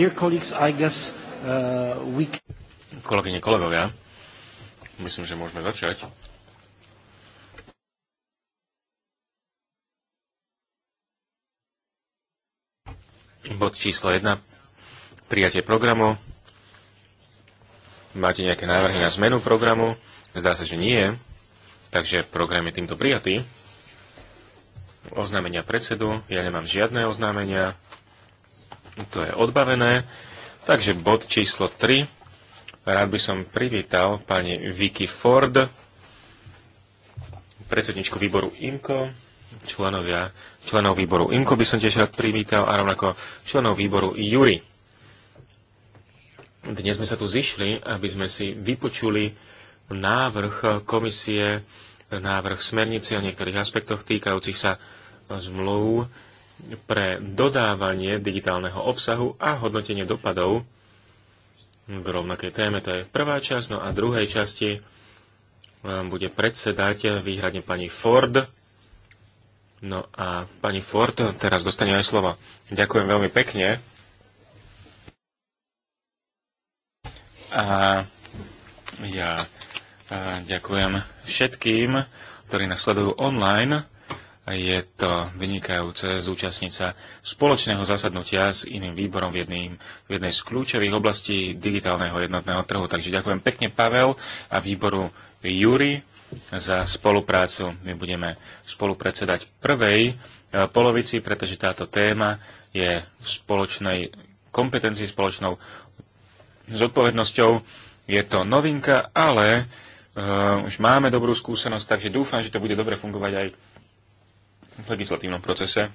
Dear colleagues, I guess uh, we... Kolegyne, kolegovia, myslím, že môžeme začať. Bod číslo 1. Prijatie programu. Máte nejaké návrhy na zmenu programu? Zdá sa, že nie. Takže program je týmto prijatý. Oznámenia predsedu. Ja nemám žiadne oznámenia to je odbavené. Takže bod číslo 3. Rád by som privítal pani Vicky Ford, predsedničku výboru IMCO, členovia, členov výboru IMCO by som tiež rád privítal a rovnako členov výboru JURY. Dnes sme sa tu zišli, aby sme si vypočuli návrh komisie, návrh smernice o niektorých aspektoch týkajúcich sa zmluv pre dodávanie digitálneho obsahu a hodnotenie dopadov v rovnakej téme. To je prvá časť, no a druhej časti bude predsedať výhradne pani Ford. No a pani Ford teraz dostane aj slovo. Ďakujem veľmi pekne. A ja ďakujem všetkým, ktorí nás sledujú online je to vynikajúce zúčastniť sa spoločného zasadnutia s iným výborom v, jedným, v jednej z kľúčových oblastí digitálneho jednotného trhu. Takže ďakujem pekne Pavel a výboru Júri za spoluprácu. My budeme spolupredsedať prvej e, polovici, pretože táto téma je v spoločnej kompetencii, spoločnou zodpovednosťou. Je to novinka, ale uh, už máme dobrú skúsenosť, takže dúfam, že to bude dobre fungovať aj v legislatívnom procese.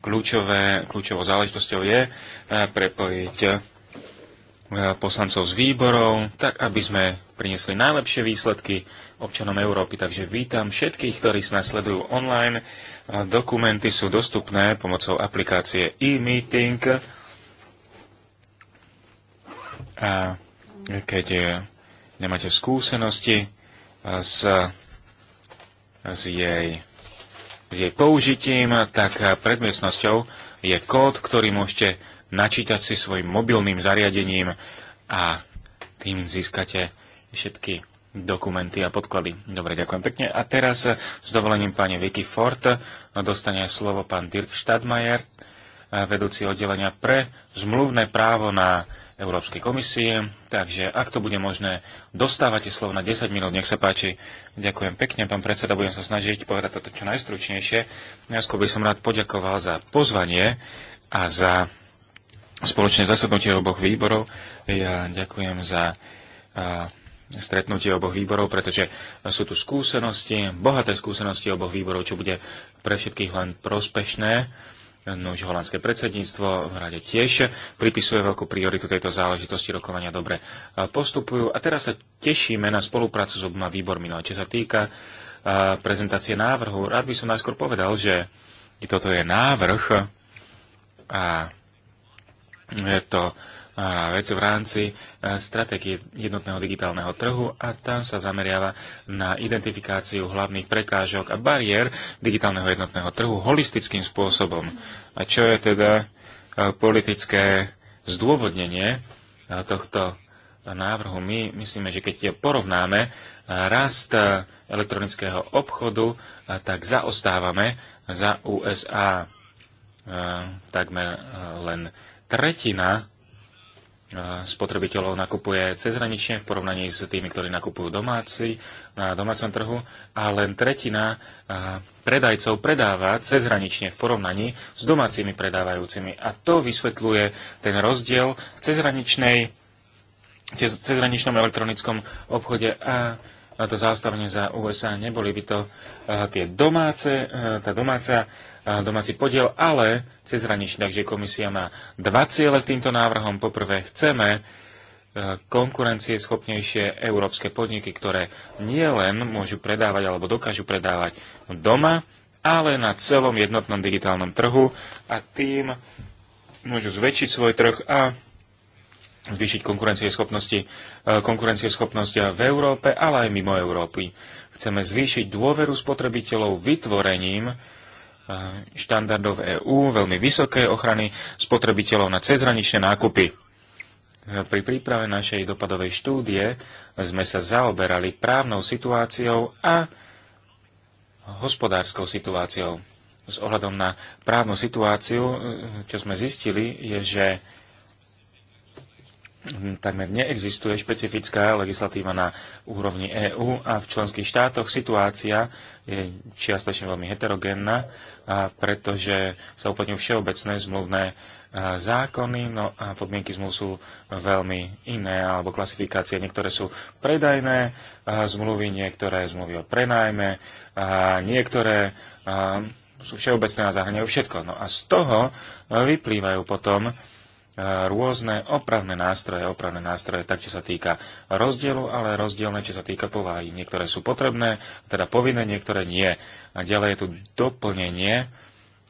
Kľúčové, kľúčovou záležitosťou je eh, prepojiť eh, poslancov z výborov, tak aby sme priniesli najlepšie výsledky občanom Európy. Takže vítam všetkých, ktorí sa nás sledujú online. Dokumenty sú dostupné pomocou aplikácie e-meeting. A keď eh, nemáte skúsenosti s, s jej s jej použitím, tak predmiestnosťou je kód, ktorý môžete načítať si svojim mobilným zariadením a tým získate všetky dokumenty a podklady. Dobre, ďakujem pekne. A teraz s dovolením pani Vicky Ford dostane slovo pán Dirk Stadmajer, vedúci oddelenia pre zmluvné právo na Európskej komisie. Takže ak to bude možné, dostávate slovo na 10 minút, nech sa páči. Ďakujem pekne, pán predseda, budem sa snažiť povedať toto čo najstručnejšie. Najskôr by som rád poďakoval za pozvanie a za spoločné zasadnutie oboch výborov. Ja ďakujem za a, stretnutie oboch výborov, pretože sú tu skúsenosti, bohaté skúsenosti oboch výborov, čo bude pre všetkých len prospešné No už holandské predsedníctvo v rade tiež pripisuje veľkú prioritu tejto záležitosti, rokovania dobre postupujú. A teraz sa tešíme na spoluprácu s oboma výbormi. No a čo sa týka prezentácie návrhu, rád by som najskôr povedal, že toto je návrh a je to vec v rámci e, stratégie jednotného digitálneho trhu a tá sa zameriava na identifikáciu hlavných prekážok a bariér digitálneho jednotného trhu holistickým spôsobom. A čo je teda e, politické zdôvodnenie e, tohto návrhu. My myslíme, že keď porovnáme rast elektronického obchodu, tak zaostávame za USA takmer len tretina spotrebiteľov nakupuje cezhranične v porovnaní s tými, ktorí nakupujú domáci, na domácom trhu a len tretina predajcov predáva cezhranične v porovnaní s domácimi predávajúcimi. A to vysvetľuje ten rozdiel v cezhraničnej, cezhraničnom elektronickom obchode a na to zástavne za USA neboli by to tie domáce, tá domáca domáci podiel, ale cezhraničný. Takže komisia má dva ciele s týmto návrhom. Poprvé, chceme e, schopnejšie európske podniky, ktoré nie len môžu predávať alebo dokážu predávať doma, ale na celom jednotnom digitálnom trhu a tým môžu zväčšiť svoj trh a zvýšiť konkurencieschopnosti, e, konkurencieschopnosť v Európe, ale aj mimo Európy. Chceme zvýšiť dôveru spotrebiteľov vytvorením Eh, štandardov EÚ, veľmi vysoké ochrany spotrebiteľov na cezhraničné nákupy. Eh, pri príprave našej dopadovej štúdie sme sa zaoberali právnou situáciou a hospodárskou situáciou. S ohľadom na právnu situáciu, eh, čo sme zistili, je, že Mhm, takmer neexistuje špecifická legislatíva na úrovni EÚ a v členských štátoch situácia je čiastočne veľmi heterogénna, pretože sa uplatňujú všeobecné zmluvné zákony, no a podmienky zmluv sú veľmi iné, alebo klasifikácie. Niektoré sú predajné zmluvy, niektoré zmluvy o prenajme, a niektoré a sú všeobecné a zahrňajú všetko. No a z toho vyplývajú potom rôzne opravné nástroje, opravné nástroje, tak čo sa týka rozdielu, ale rozdielne, čo sa týka povahy. Niektoré sú potrebné, teda povinné, niektoré nie. A ďalej je tu doplnenie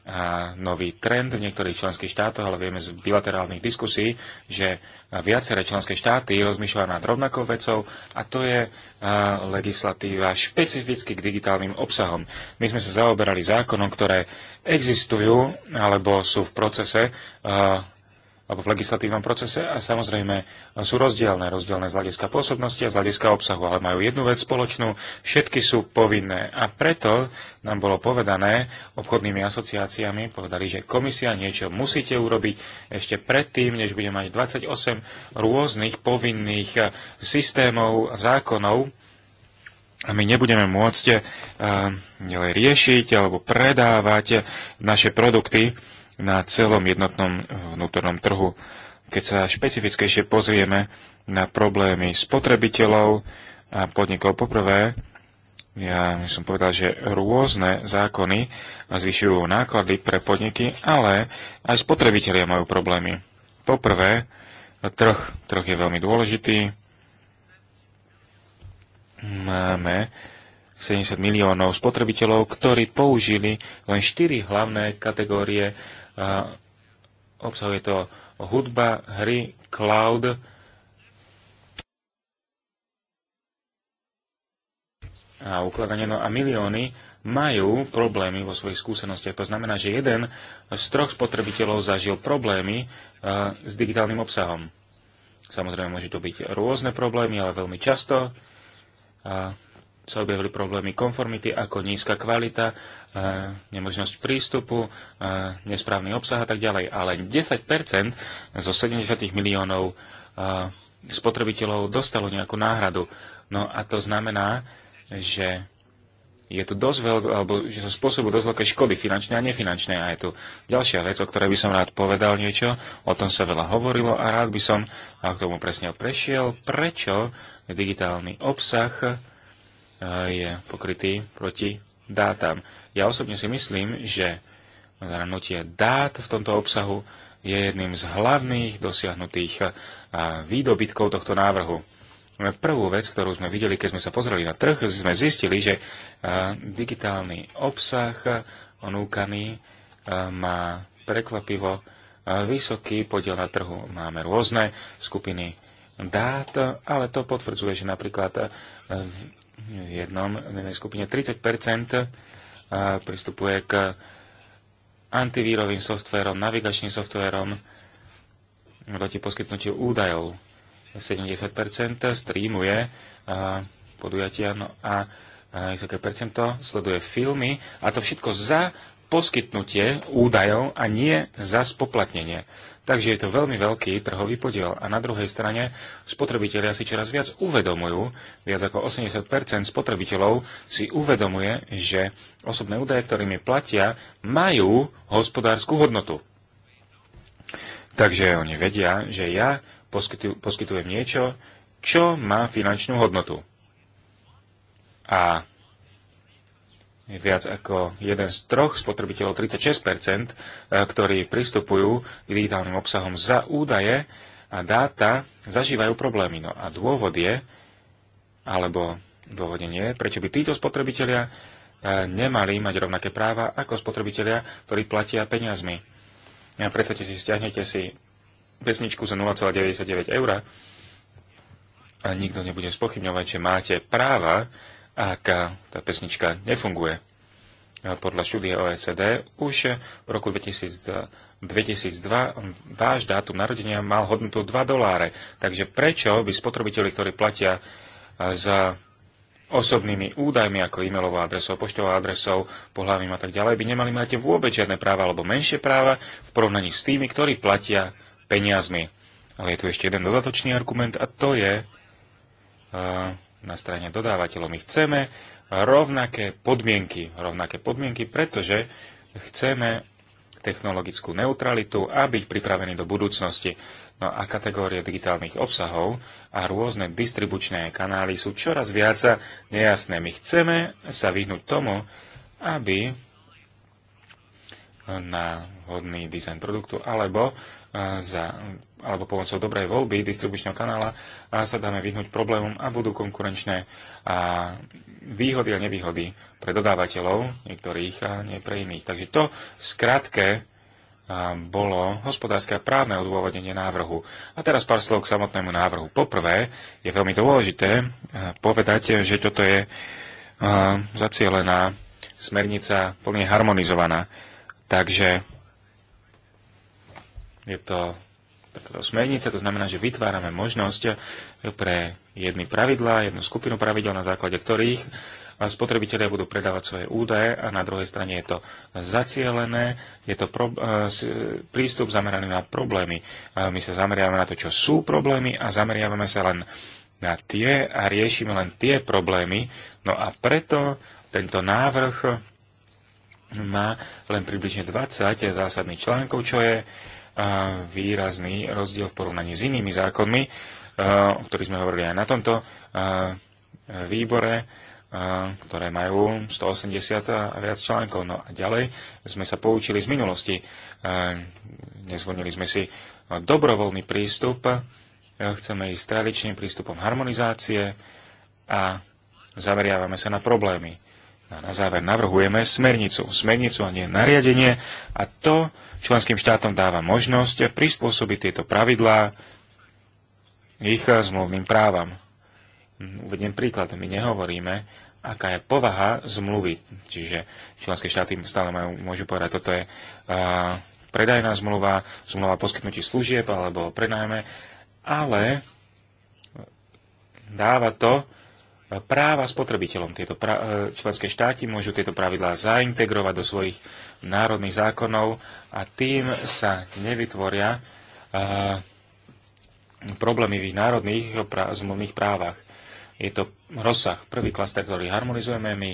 a nový trend v niektorých členských štátoch, ale vieme z bilaterálnych diskusí, že viaceré členské štáty rozmýšľajú nad rovnakou vecou a to je a, legislatíva špecificky k digitálnym obsahom. My sme sa zaoberali zákonom, ktoré existujú alebo sú v procese a, alebo v legislatívnom procese a samozrejme sú rozdielne, rozdielne z hľadiska pôsobnosti a z hľadiska obsahu, ale majú jednu vec spoločnú, všetky sú povinné. A preto nám bolo povedané obchodnými asociáciami, povedali, že komisia niečo musíte urobiť ešte predtým, než bude mať 28 rôznych povinných eh, systémov, zákonov, a my nebudeme môcť eh, ďalej riešiť alebo predávať naše produkty na celom jednotnom vnútornom trhu. Keď sa špecifickejšie pozrieme na problémy spotrebiteľov a podnikov poprvé, ja som povedal, že rôzne zákony zvyšujú náklady pre podniky, ale aj spotrebitelia majú problémy. Poprvé, trh. Trh je veľmi dôležitý. Máme 70 miliónov spotrebiteľov, ktorí použili len 4 hlavné kategórie Obsahuje to hudba, hry, cloud, a ukladanie, no a milióny majú problémy vo svojich skúsenostiach. To znamená, že jeden z troch spotrebiteľov zažil problémy uh, s digitálnym obsahom. Samozrejme, môže to byť rôzne problémy, ale veľmi často uh, sa objavili problémy konformity, ako nízka kvalita, e, nemožnosť prístupu, e, nesprávny obsah a tak ďalej. Ale 10% zo 70 miliónov e, spotrebiteľov dostalo nejakú náhradu. No a to znamená, že je tu dosť veľké, alebo že sa spôsobujú dosť veľké škody finančné a nefinančné. A je tu ďalšia vec, o ktorej by som rád povedal niečo, o tom sa veľa hovorilo a rád by som a k tomu presne prešiel, prečo digitálny obsah je pokrytý proti dátam. Ja osobne si myslím, že zahrnutie dát v tomto obsahu je jedným z hlavných dosiahnutých výdobytkov tohto návrhu. Prvú vec, ktorú sme videli, keď sme sa pozreli na trh, sme zistili, že digitálny obsah onúkaný má prekvapivo vysoký podiel na trhu. Máme rôzne skupiny dát, ale to potvrdzuje, že napríklad v jednom, v jednej skupine 30 eh, pristupuje k antivírovým softverom, navigačným softverom, proti poskytnutiu údajov. 70 streamuje eh, podujatia no a eh, vysoké percento sleduje filmy a to všetko za poskytnutie údajov a nie za spoplatnenie. Takže je to veľmi veľký trhový podiel. A na druhej strane spotrebitelia si čoraz viac uvedomujú, viac ako 80 spotrebiteľov si uvedomuje, že osobné údaje, ktorými platia, majú hospodárskú hodnotu. Takže oni vedia, že ja poskytujem niečo, čo má finančnú hodnotu. A viac ako jeden z troch spotrebiteľov, 36%, eh, ktorí pristupujú k digitálnym obsahom za údaje a dáta, zažívajú problémy. No a dôvod je, alebo dôvodenie, prečo by títo spotrebitelia eh, nemali mať rovnaké práva ako spotrebitelia, ktorí platia peniazmi. A predstavte si, stiahnete si pesničku za 0,99 eur a nikto nebude spochybňovať, že máte práva ak tá pesnička nefunguje. Podľa štúdie OECD už v roku 2002 váš dátum narodenia mal hodnotu 2 doláre. Takže prečo by spotrebiteľi, ktorí platia e, za osobnými údajmi ako e-mailovou adresou, poštovou adresou, pohľavím a tak ďalej, by nemali mať vôbec žiadne práva alebo menšie práva v porovnaní s tými, ktorí platia peniazmi. Ale je tu ešte jeden dodatočný argument a to je uh, na strane dodávateľov. My chceme rovnaké podmienky, rovnaké podmienky, pretože chceme technologickú neutralitu a byť pripravení do budúcnosti. No a kategórie digitálnych obsahov a rôzne distribučné kanály sú čoraz viac nejasné. My chceme sa vyhnúť tomu, aby na hodný dizajn produktu, alebo, e, za, alebo pomocou dobrej voľby distribučného kanála a sa dáme vyhnúť problémom a budú konkurenčné a výhody a nevýhody pre dodávateľov, niektorých a nie pre iných. Takže to v skratke e, bolo hospodárske a právne odôvodnenie návrhu. A teraz pár slov k samotnému návrhu. Poprvé, je veľmi dôležité e, povedať, že toto je zacielená smernica plne harmonizovaná. Takže je to takáto smernica, to znamená, že vytvárame možnosť pre jedny pravidlá, jednu skupinu pravidel, na základe ktorých spotrebitelia budú predávať svoje údaje a na druhej strane je to zacielené, je to pro, eh, prístup zameraný na problémy. My sa zameriavame na to, čo sú problémy a zameriavame sa len na tie a riešime len tie problémy. No a preto tento návrh má len približne 20 zásadných článkov, čo je výrazný rozdiel v porovnaní s inými zákonmi, o ktorých sme hovorili aj na tomto výbore, ktoré majú 180 a viac článkov. No a ďalej sme sa poučili z minulosti. Nezvonili sme si dobrovoľný prístup, chceme ísť tradičným prístupom harmonizácie a zameriavame sa na problémy. A na záver navrhujeme smernicu. Smernicu a nie nariadenie a to členským štátom dáva možnosť prispôsobiť tieto pravidlá ich zmluvným právam. Uvediem príklad, my nehovoríme, aká je povaha zmluvy. Čiže členské štáty stále majú, môžu povedať, toto je uh, predajná zmluva, zmluva poskytnutí služieb alebo prenajme, ale dáva to práva spotrebiteľom. Tieto pra- e, členské štáty môžu tieto pravidlá zaintegrovať do svojich národných zákonov a tým sa nevytvoria e, problémy v ich národných pra- zmluvných právach. Je to rozsah, prvý klaster, ktorý harmonizujeme my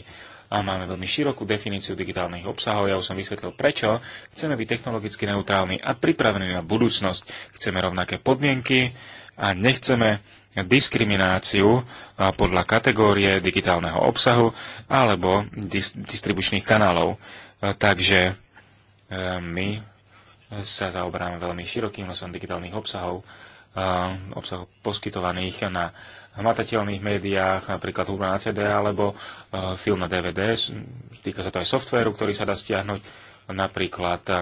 a máme veľmi širokú definíciu digitálnych obsahov. Ja už som vysvetlil prečo. Chceme byť technologicky neutrálni a pripravení na budúcnosť. Chceme rovnaké podmienky a nechceme diskrimináciu podľa kategórie digitálneho obsahu alebo dis- distribučných kanálov. Takže e, my sa zaoberáme veľmi širokým nosom digitálnych obsahov, obsahov poskytovaných na hmatateľných médiách, napríklad hudba na CD alebo e, film na DVD. Týka sa to aj softvéru, ktorý sa dá stiahnuť, napríklad e,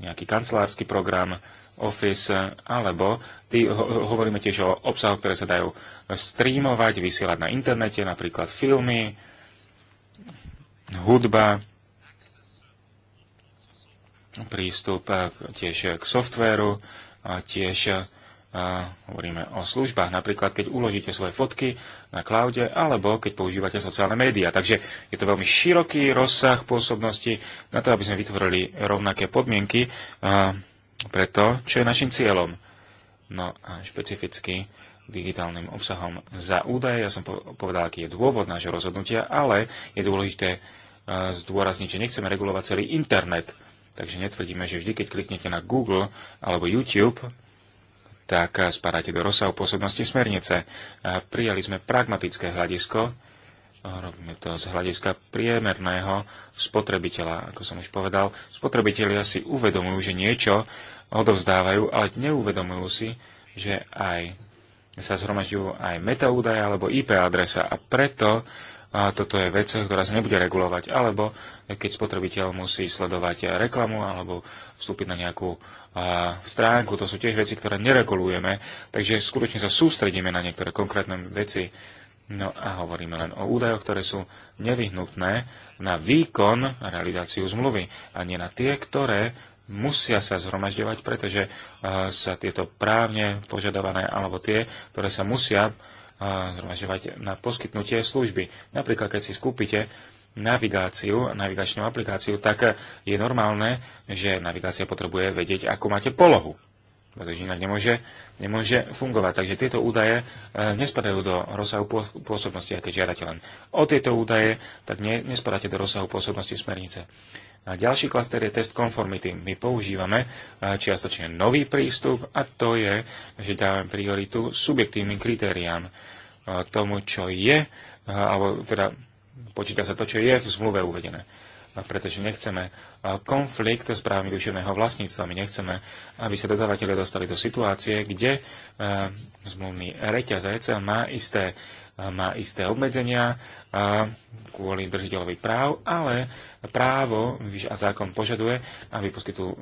nejaký kancelársky program, Office, alebo tý, ho, hovoríme tiež o obsahoch, ktoré sa dajú streamovať, vysielať na internete, napríklad filmy, hudba, prístup eh, tiež eh, k softvéru, a tiež a eh, hovoríme o službách, napríklad keď uložíte svoje fotky na cloude alebo keď používate sociálne médiá. Takže je to veľmi široký rozsah pôsobnosti na to, aby sme vytvorili rovnaké podmienky preto, čo je našim cieľom. No a špecificky digitálnym obsahom za údaje. Ja som povedal, aký je dôvod nášho rozhodnutia, ale je dôležité e, zdôrazniť, že nechceme regulovať celý internet. Takže netvrdíme, že vždy, keď kliknete na Google alebo YouTube, tak e, spadáte do rozsahu pôsobnosti smernice. E, prijali sme pragmatické hľadisko, Robíme to z hľadiska priemerného spotrebiteľa. Ako som už povedal, spotrebitelia si uvedomujú, že niečo odovzdávajú, ale neuvedomujú si, že aj sa zhromažďujú aj metaúdaje alebo IP adresa a preto a toto je vec, ktorá sa nebude regulovať, alebo keď spotrebiteľ musí sledovať reklamu alebo vstúpiť na nejakú a, stránku, to sú tiež veci, ktoré neregulujeme, takže skutočne sa sústredíme na niektoré konkrétne veci No a hovoríme len o údajoch, ktoré sú nevyhnutné na výkon a realizáciu zmluvy a nie na tie, ktoré musia sa zhromažďovať, pretože e, sa tieto právne požadované alebo tie, ktoré sa musia e, zhromažďovať na poskytnutie služby. Napríklad, keď si skúpite navigáciu, navigačnú aplikáciu, tak je normálne, že navigácia potrebuje vedieť, akú máte polohu pretože inak nemôže, nemôže fungovať. Takže tieto údaje e, nespadajú do rozsahu pôsobnosti, aké žiadate len o tieto údaje, tak ne, nespadáte do rozsahu pôsobnosti smernice. A ďalší klaster je test konformity. My používame e, čiastočne nový prístup a to je, že dávame prioritu subjektívnym kritériám e, tomu, čo je, alebo teda počíta sa to, čo je v zmluve uvedené pretože nechceme konflikt s právami duševného vlastníctva. My nechceme, aby sa dodávateľe dostali do situácie, kde zmluvný reťazec má isté, má isté obmedzenia kvôli držiteľovi práv, ale právo a zákon požaduje, aby poskytu,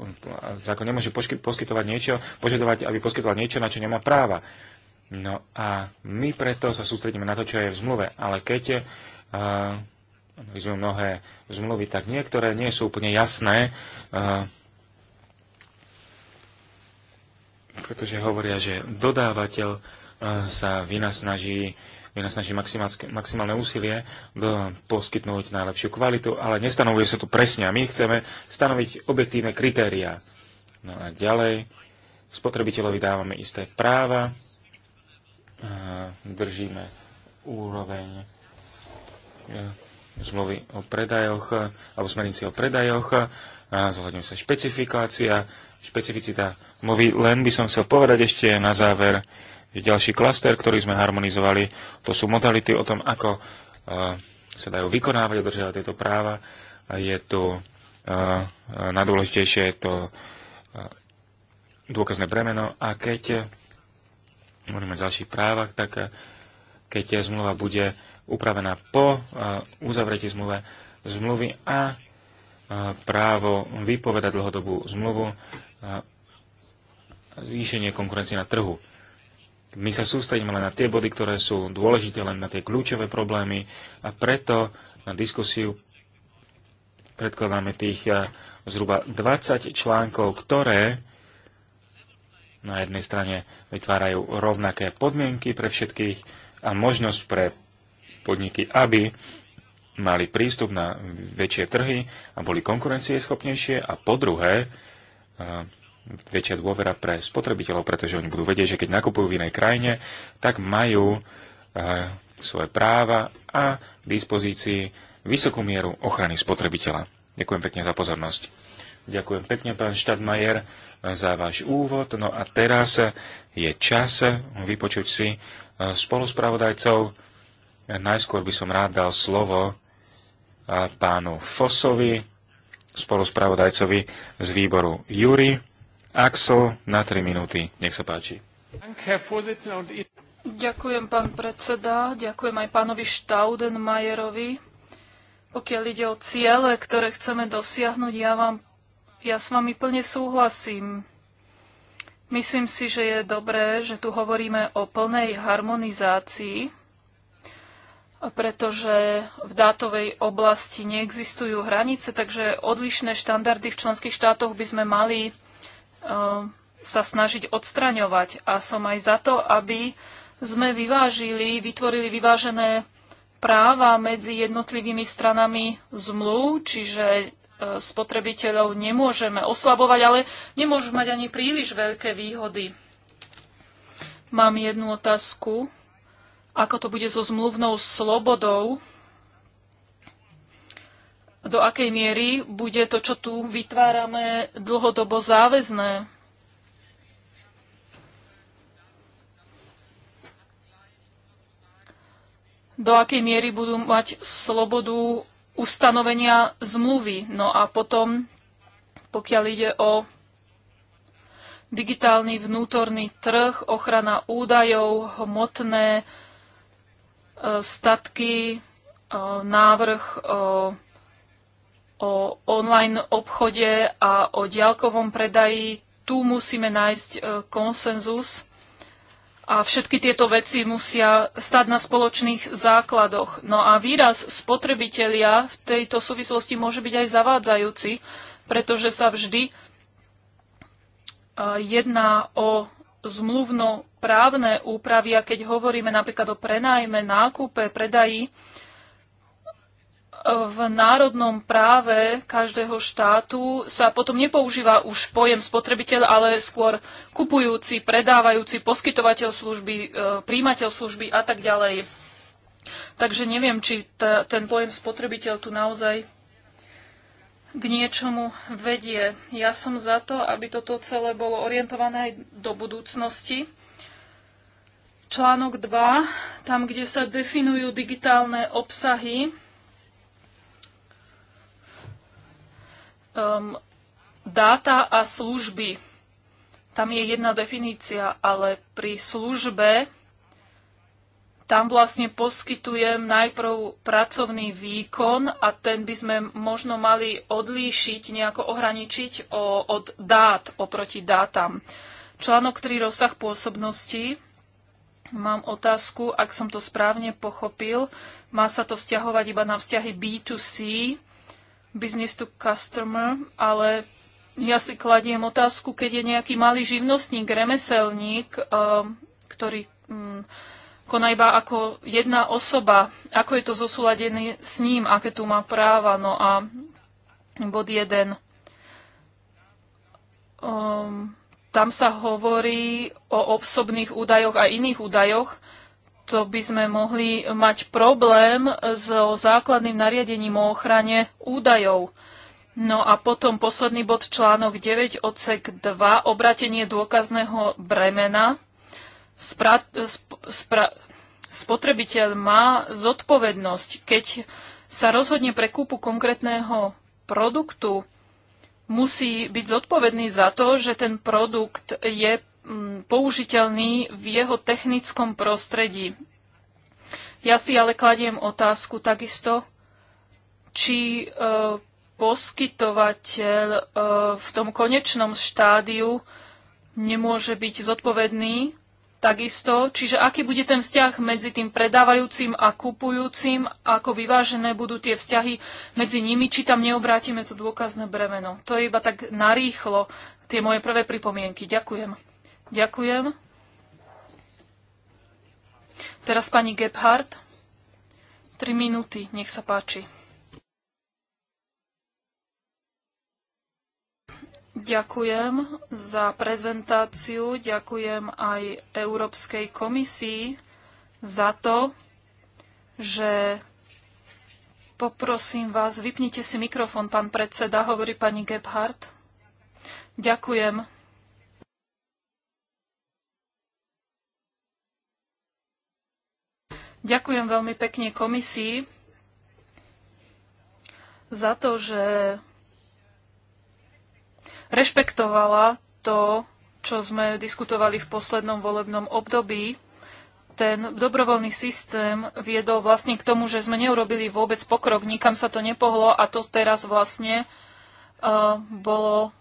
zákon nemôže poskytovať niečo, požadovať, aby poskytoval niečo, na čo nemá práva. No a my preto sa sústredíme na to, čo je v zmluve. Ale keď analizujeme mnohé zmluvy, tak niektoré nie sú úplne jasné, pretože hovoria, že dodávateľ sa vynasnaží vynasnaží maximálne úsilie poskytnúť najlepšiu kvalitu, ale nestanovuje sa tu presne a my chceme stanoviť objektívne kritériá. No a ďalej, spotrebiteľovi dávame isté práva, držíme úroveň e, zmluvy o predajoch, e, alebo smernici o predajoch, e, zohľadňujú sa špecifikácia, špecificita mluvy. Len by som chcel povedať ešte na záver, že ďalší klaster, ktorý sme harmonizovali, to sú modality o tom, ako e, sa dajú vykonávať, udržiavať tieto práva. Je tu najdôležitejšie je to dôkazné bremeno a keď hovoríme o ďalších právach, tak keď zmluva bude upravená po e, uzavretí zmluve, zmluvy a e, právo vypovedať dlhodobú zmluvu a e, zvýšenie konkurencie na trhu. My sa sústredíme len na tie body, ktoré sú dôležité, len na tie kľúčové problémy a preto na diskusiu predkladáme tých zhruba 20 článkov, ktoré na jednej strane vytvárajú rovnaké podmienky pre všetkých a možnosť pre podniky, aby mali prístup na väčšie trhy a boli konkurencieschopnejšie a po druhé e, väčšia dôvera pre spotrebiteľov, pretože oni budú vedieť, že keď nakupujú v inej krajine, tak majú e, svoje práva a k dispozícii vysokú mieru ochrany spotrebiteľa. Ďakujem pekne za pozornosť. Ďakujem pekne, pán Štadmajer, za váš úvod. No a teraz je čas vypočuť si e, spoluspravodajcov Najskôr by som rád dal slovo pánu Fosovi, spoluspravodajcovi z výboru Júri. Axel na 3 minúty. Nech sa páči. Ďakujem, pán predseda. Ďakujem aj pánovi Staudenmajerovi. Pokiaľ ide o ciele, ktoré chceme dosiahnuť, ja, vám, ja s vami plne súhlasím. Myslím si, že je dobré, že tu hovoríme o plnej harmonizácii pretože v dátovej oblasti neexistujú hranice, takže odlišné štandardy v členských štátoch by sme mali e, sa snažiť odstraňovať. A som aj za to, aby sme vyvážili, vytvorili vyvážené práva medzi jednotlivými stranami zmluv, čiže e, spotrebiteľov nemôžeme oslabovať, ale nemôžu mať ani príliš veľké výhody. Mám jednu otázku ako to bude so zmluvnou slobodou, do akej miery bude to, čo tu vytvárame, dlhodobo záväzné. Do akej miery budú mať slobodu ustanovenia zmluvy. No a potom, pokiaľ ide o digitálny vnútorný trh, ochrana údajov, hmotné statky, e, návrh e, o online obchode a o diaľkovom predaji. Tu musíme nájsť e, konsenzus a všetky tieto veci musia stať na spoločných základoch. No a výraz spotrebitelia v tejto súvislosti môže byť aj zavádzajúci, pretože sa vždy jedná o zmluvno-právne úpravy a keď hovoríme napríklad o prenájme, nákupe, predaji, e, v národnom práve každého štátu sa potom nepoužíva už pojem spotrebiteľ, ale skôr kupujúci, predávajúci, poskytovateľ služby, e, príjimateľ služby a tak ďalej. Takže neviem, či ten pojem spotrebiteľ tu naozaj k niečomu vedie. Ja som za to, aby toto celé bolo orientované aj do budúcnosti. Článok 2, tam, kde sa definujú digitálne obsahy, um, dáta a služby. Tam je jedna definícia, ale pri službe tam vlastne poskytujem najprv pracovný výkon a ten by sme možno mali odlíšiť, nejako ohraničiť o, od dát oproti dátam. Článok 3 rozsah pôsobnosti. Mám otázku, ak som to správne pochopil, má sa to vzťahovať iba na vzťahy B2C, business to customer, ale ja si kladiem otázku, keď je nejaký malý živnostník, remeselník, ehm, ktorý mm, koná iba ako jedna osoba. Ako je to zosúladené s ním, aké tu má práva. No a bod 1. Um, tam sa hovorí o osobných údajoch a iných údajoch. To by sme mohli mať problém so základným nariadením o ochrane údajov. No a potom posledný bod článok 9 odsek 2, obratenie dôkazného bremena spra- spra- spotrebiteľ má zodpovednosť, keď sa rozhodne pre kúpu konkrétneho produktu, musí byť zodpovedný za to, že ten produkt je mm, použiteľný v jeho technickom prostredí. Ja si ale kladiem otázku takisto, či e, poskytovateľ e, v tom konečnom štádiu nemôže byť zodpovedný takisto. Čiže aký bude ten vzťah medzi tým predávajúcim a kupujúcim, ako vyvážené budú tie vzťahy medzi nimi, či tam neobrátime to dôkazné bremeno. To je iba tak narýchlo tie moje prvé pripomienky. Ďakujem. Ďakujem. Teraz pani Gebhardt. Tri minúty, nech sa páči. Ďakujem za prezentáciu, ďakujem aj Európskej komisii za to, že poprosím vás, vypnite si mikrofón, pán predseda, hovorí pani Gebhardt. Ďakujem. Ďakujem veľmi pekne komisii za to, že rešpektovala to, čo sme diskutovali v poslednom volebnom období. Ten dobrovoľný systém viedol vlastne k tomu, že sme neurobili vôbec pokrok, nikam sa to nepohlo a to teraz vlastne uh, bolo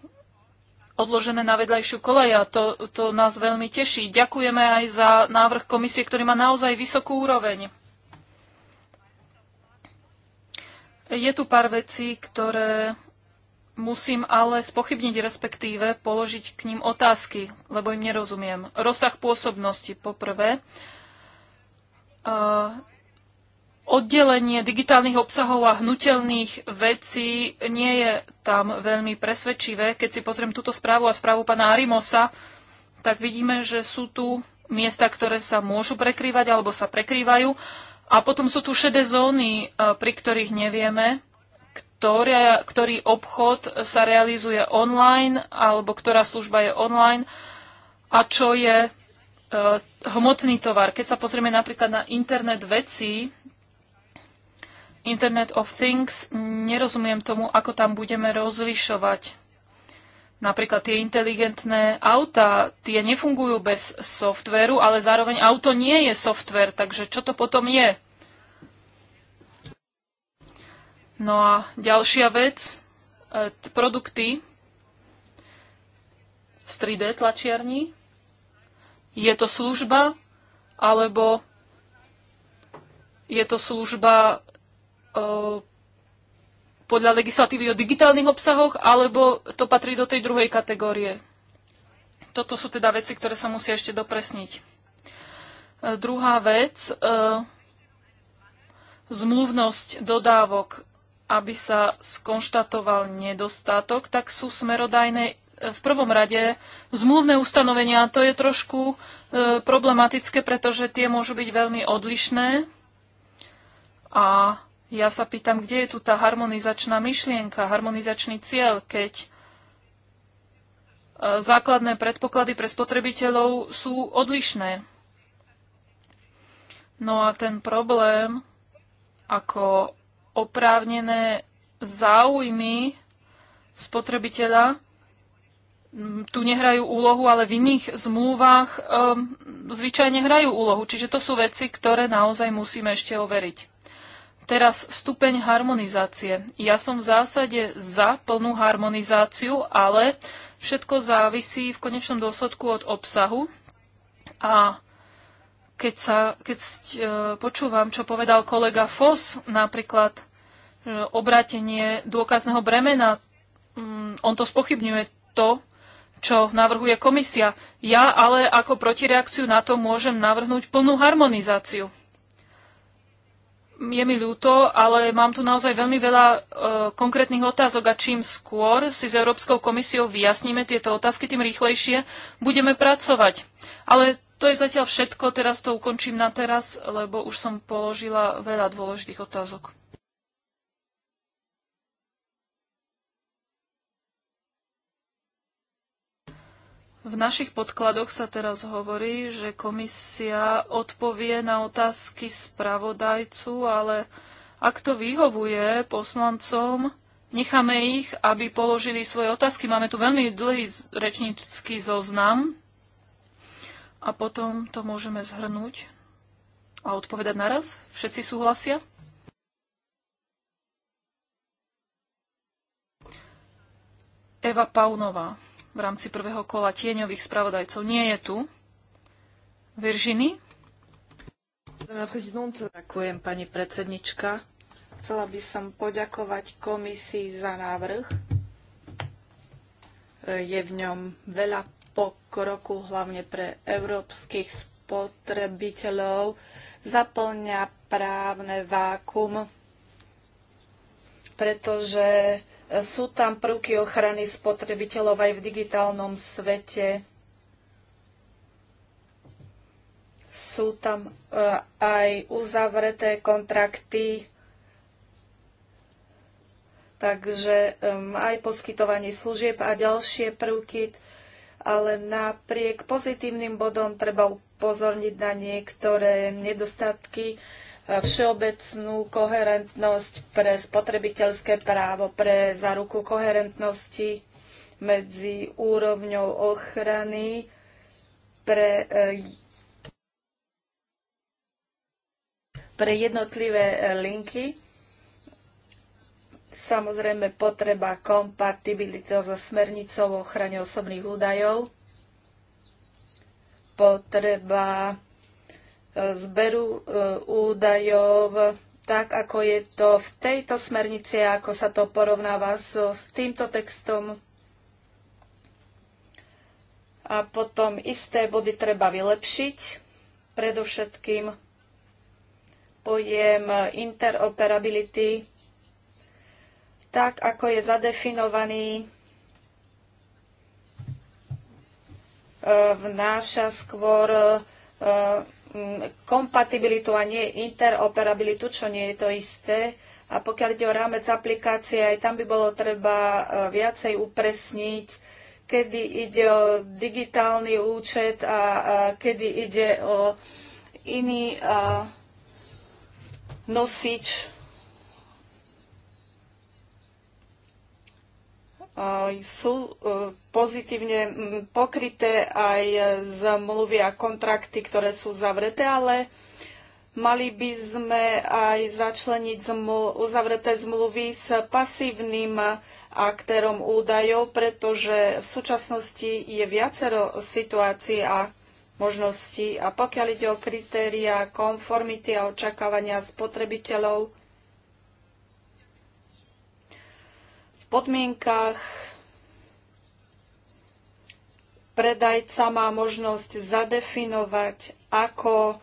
odložené na vedľajšiu koleja. to, to nás veľmi teší. Ďakujeme aj za návrh komisie, ktorý má naozaj vysokú úroveň. Je tu pár vecí, ktoré musím ale spochybniť, respektíve položiť k ním otázky, lebo im nerozumiem. Rozsah pôsobnosti poprvé. Uh, oddelenie digitálnych obsahov a hnutelných vecí nie je tam veľmi presvedčivé. Keď si pozriem túto správu a správu pána Arimosa, tak vidíme, že sú tu miesta, ktoré sa môžu prekrývať alebo sa prekrývajú. A potom sú tu šedé zóny, pri ktorých nevieme, ktorá, ktorý obchod sa realizuje online alebo ktorá služba je online a čo je e, hmotný tovar. Keď sa pozrieme napríklad na internet vecí, Internet of Things, nerozumiem tomu, ako tam budeme rozlišovať. Napríklad tie inteligentné auta, tie nefungujú bez softveru, ale zároveň auto nie je software, takže čo to potom je? No a ďalšia vec, e, produkty z 3D tlačiarní. Je to služba, alebo je to služba e, podľa legislatívy o digitálnych obsahoch, alebo to patrí do tej druhej kategórie. Toto sú teda veci, ktoré sa musia ešte dopresniť. E, druhá vec, zmluvnosť dodávok aby sa skonštatoval nedostatok, tak sú smerodajné e, v prvom rade zmluvné ustanovenia. To je trošku e, problematické, pretože tie môžu byť veľmi odlišné. A ja sa pýtam, kde je tu tá harmonizačná myšlienka, harmonizačný cieľ, keď e, základné predpoklady pre spotrebiteľov sú odlišné. No a ten problém, ako oprávnené záujmy spotrebiteľa mm, tu nehrajú úlohu, ale v iných zmluvách um, zvyčajne hrajú úlohu. Čiže to sú veci, ktoré naozaj musíme ešte overiť. Teraz stupeň harmonizácie. Ja som v zásade za plnú harmonizáciu, ale všetko závisí v konečnom dôsledku od obsahu. A keď, sa, keď uh, počúvam, čo povedal kolega Foss napríklad, E, obrátenie dôkazného bremena. Mm, on to spochybňuje to, čo navrhuje komisia. Ja ale ako protireakciu na to môžem navrhnúť plnú harmonizáciu. Je mi ľúto, ale mám tu naozaj veľmi veľa e, konkrétnych otázok a čím skôr si s Európskou komisiou vyjasníme tieto otázky, tým rýchlejšie budeme pracovať. Ale to je zatiaľ všetko, teraz to ukončím na teraz, lebo už som položila veľa dôležitých otázok. V našich podkladoch sa teraz hovorí, že komisia odpovie na otázky spravodajcu, ale ak to vyhovuje poslancom, necháme ich, aby položili svoje otázky. Máme tu veľmi dlhý rečnícky zoznam a potom to môžeme zhrnúť a odpovedať naraz. Všetci súhlasia? Eva Paunová v rámci prvého kola tieňových spravodajcov nie je tu. Viržiny? Ďakujem, pani predsednička. Chcela by som poďakovať komisii za návrh. Je v ňom veľa pokroku, hlavne pre európskych spotrebiteľov. Zaplňa právne vákum, pretože sú tam prvky ochrany spotrebiteľov aj v digitálnom svete. Sú tam e, aj uzavreté kontrakty, takže aj poskytovanie služieb a ďalšie prvky, ale napriek pozitívnym bodom treba upozorniť na niektoré nedostatky, E, všeobecnú koherentnosť pre spotrebiteľské právo, pre záruku koherentnosti medzi úrovňou ochrany pre, e, pre jednotlivé e, linky. Samozrejme potreba kompatibilita so smernicou ochrany ochrane osobných údajov, potreba zberu e, údajov tak, ako je to v tejto smernici ako sa to porovnáva s týmto textom. A potom isté body treba vylepšiť. Predovšetkým pojem interoperability, tak ako je zadefinovaný e, vnáša skôr e, Mm, kompatibilitu a nie interoperabilitu, čo nie je to isté. A pokiaľ ide o rámec aplikácie, aj tam by bolo treba e, viacej upresniť, kedy ide o digitálny účet a kedy ide o iný nosič. Sú e, pozitívne pokryté aj zmluvy a kontrakty, ktoré sú zavreté, ale mali by sme aj začleniť zmlu- uzavreté zmluvy s pasívnym aktérom údajov, pretože v súčasnosti je viacero situácií a možností. A pokiaľ ide o kritéria konformity a očakávania spotrebiteľov, v podmienkach Predajca má možnosť zadefinovať, ako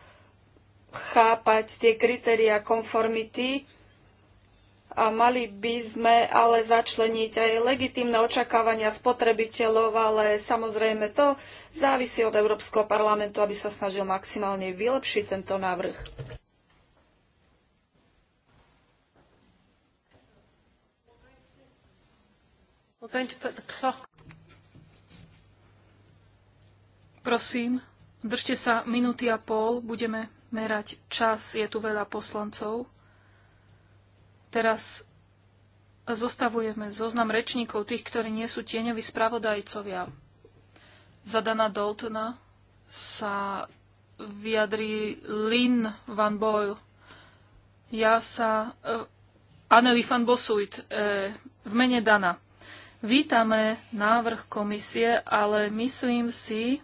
chápať tie kritéria konformity a mali by sme ale začleniť aj legitimné očakávania spotrebiteľov, ale samozrejme to závisí od Európskeho parlamentu, aby sa snažil maximálne vylepšiť tento návrh. Prosím, držte sa minúty a pol, budeme merať čas, je tu veľa poslancov. Teraz zostavujeme zoznam rečníkov, tých, ktorí nie sú tieňoví spravodajcovia. Zadana Daltona sa vyjadrí Lynn van Boyle. Ja sa... Uh, Anneli van Bosuit, uh, v mene Dana. Vítame návrh komisie, ale myslím si,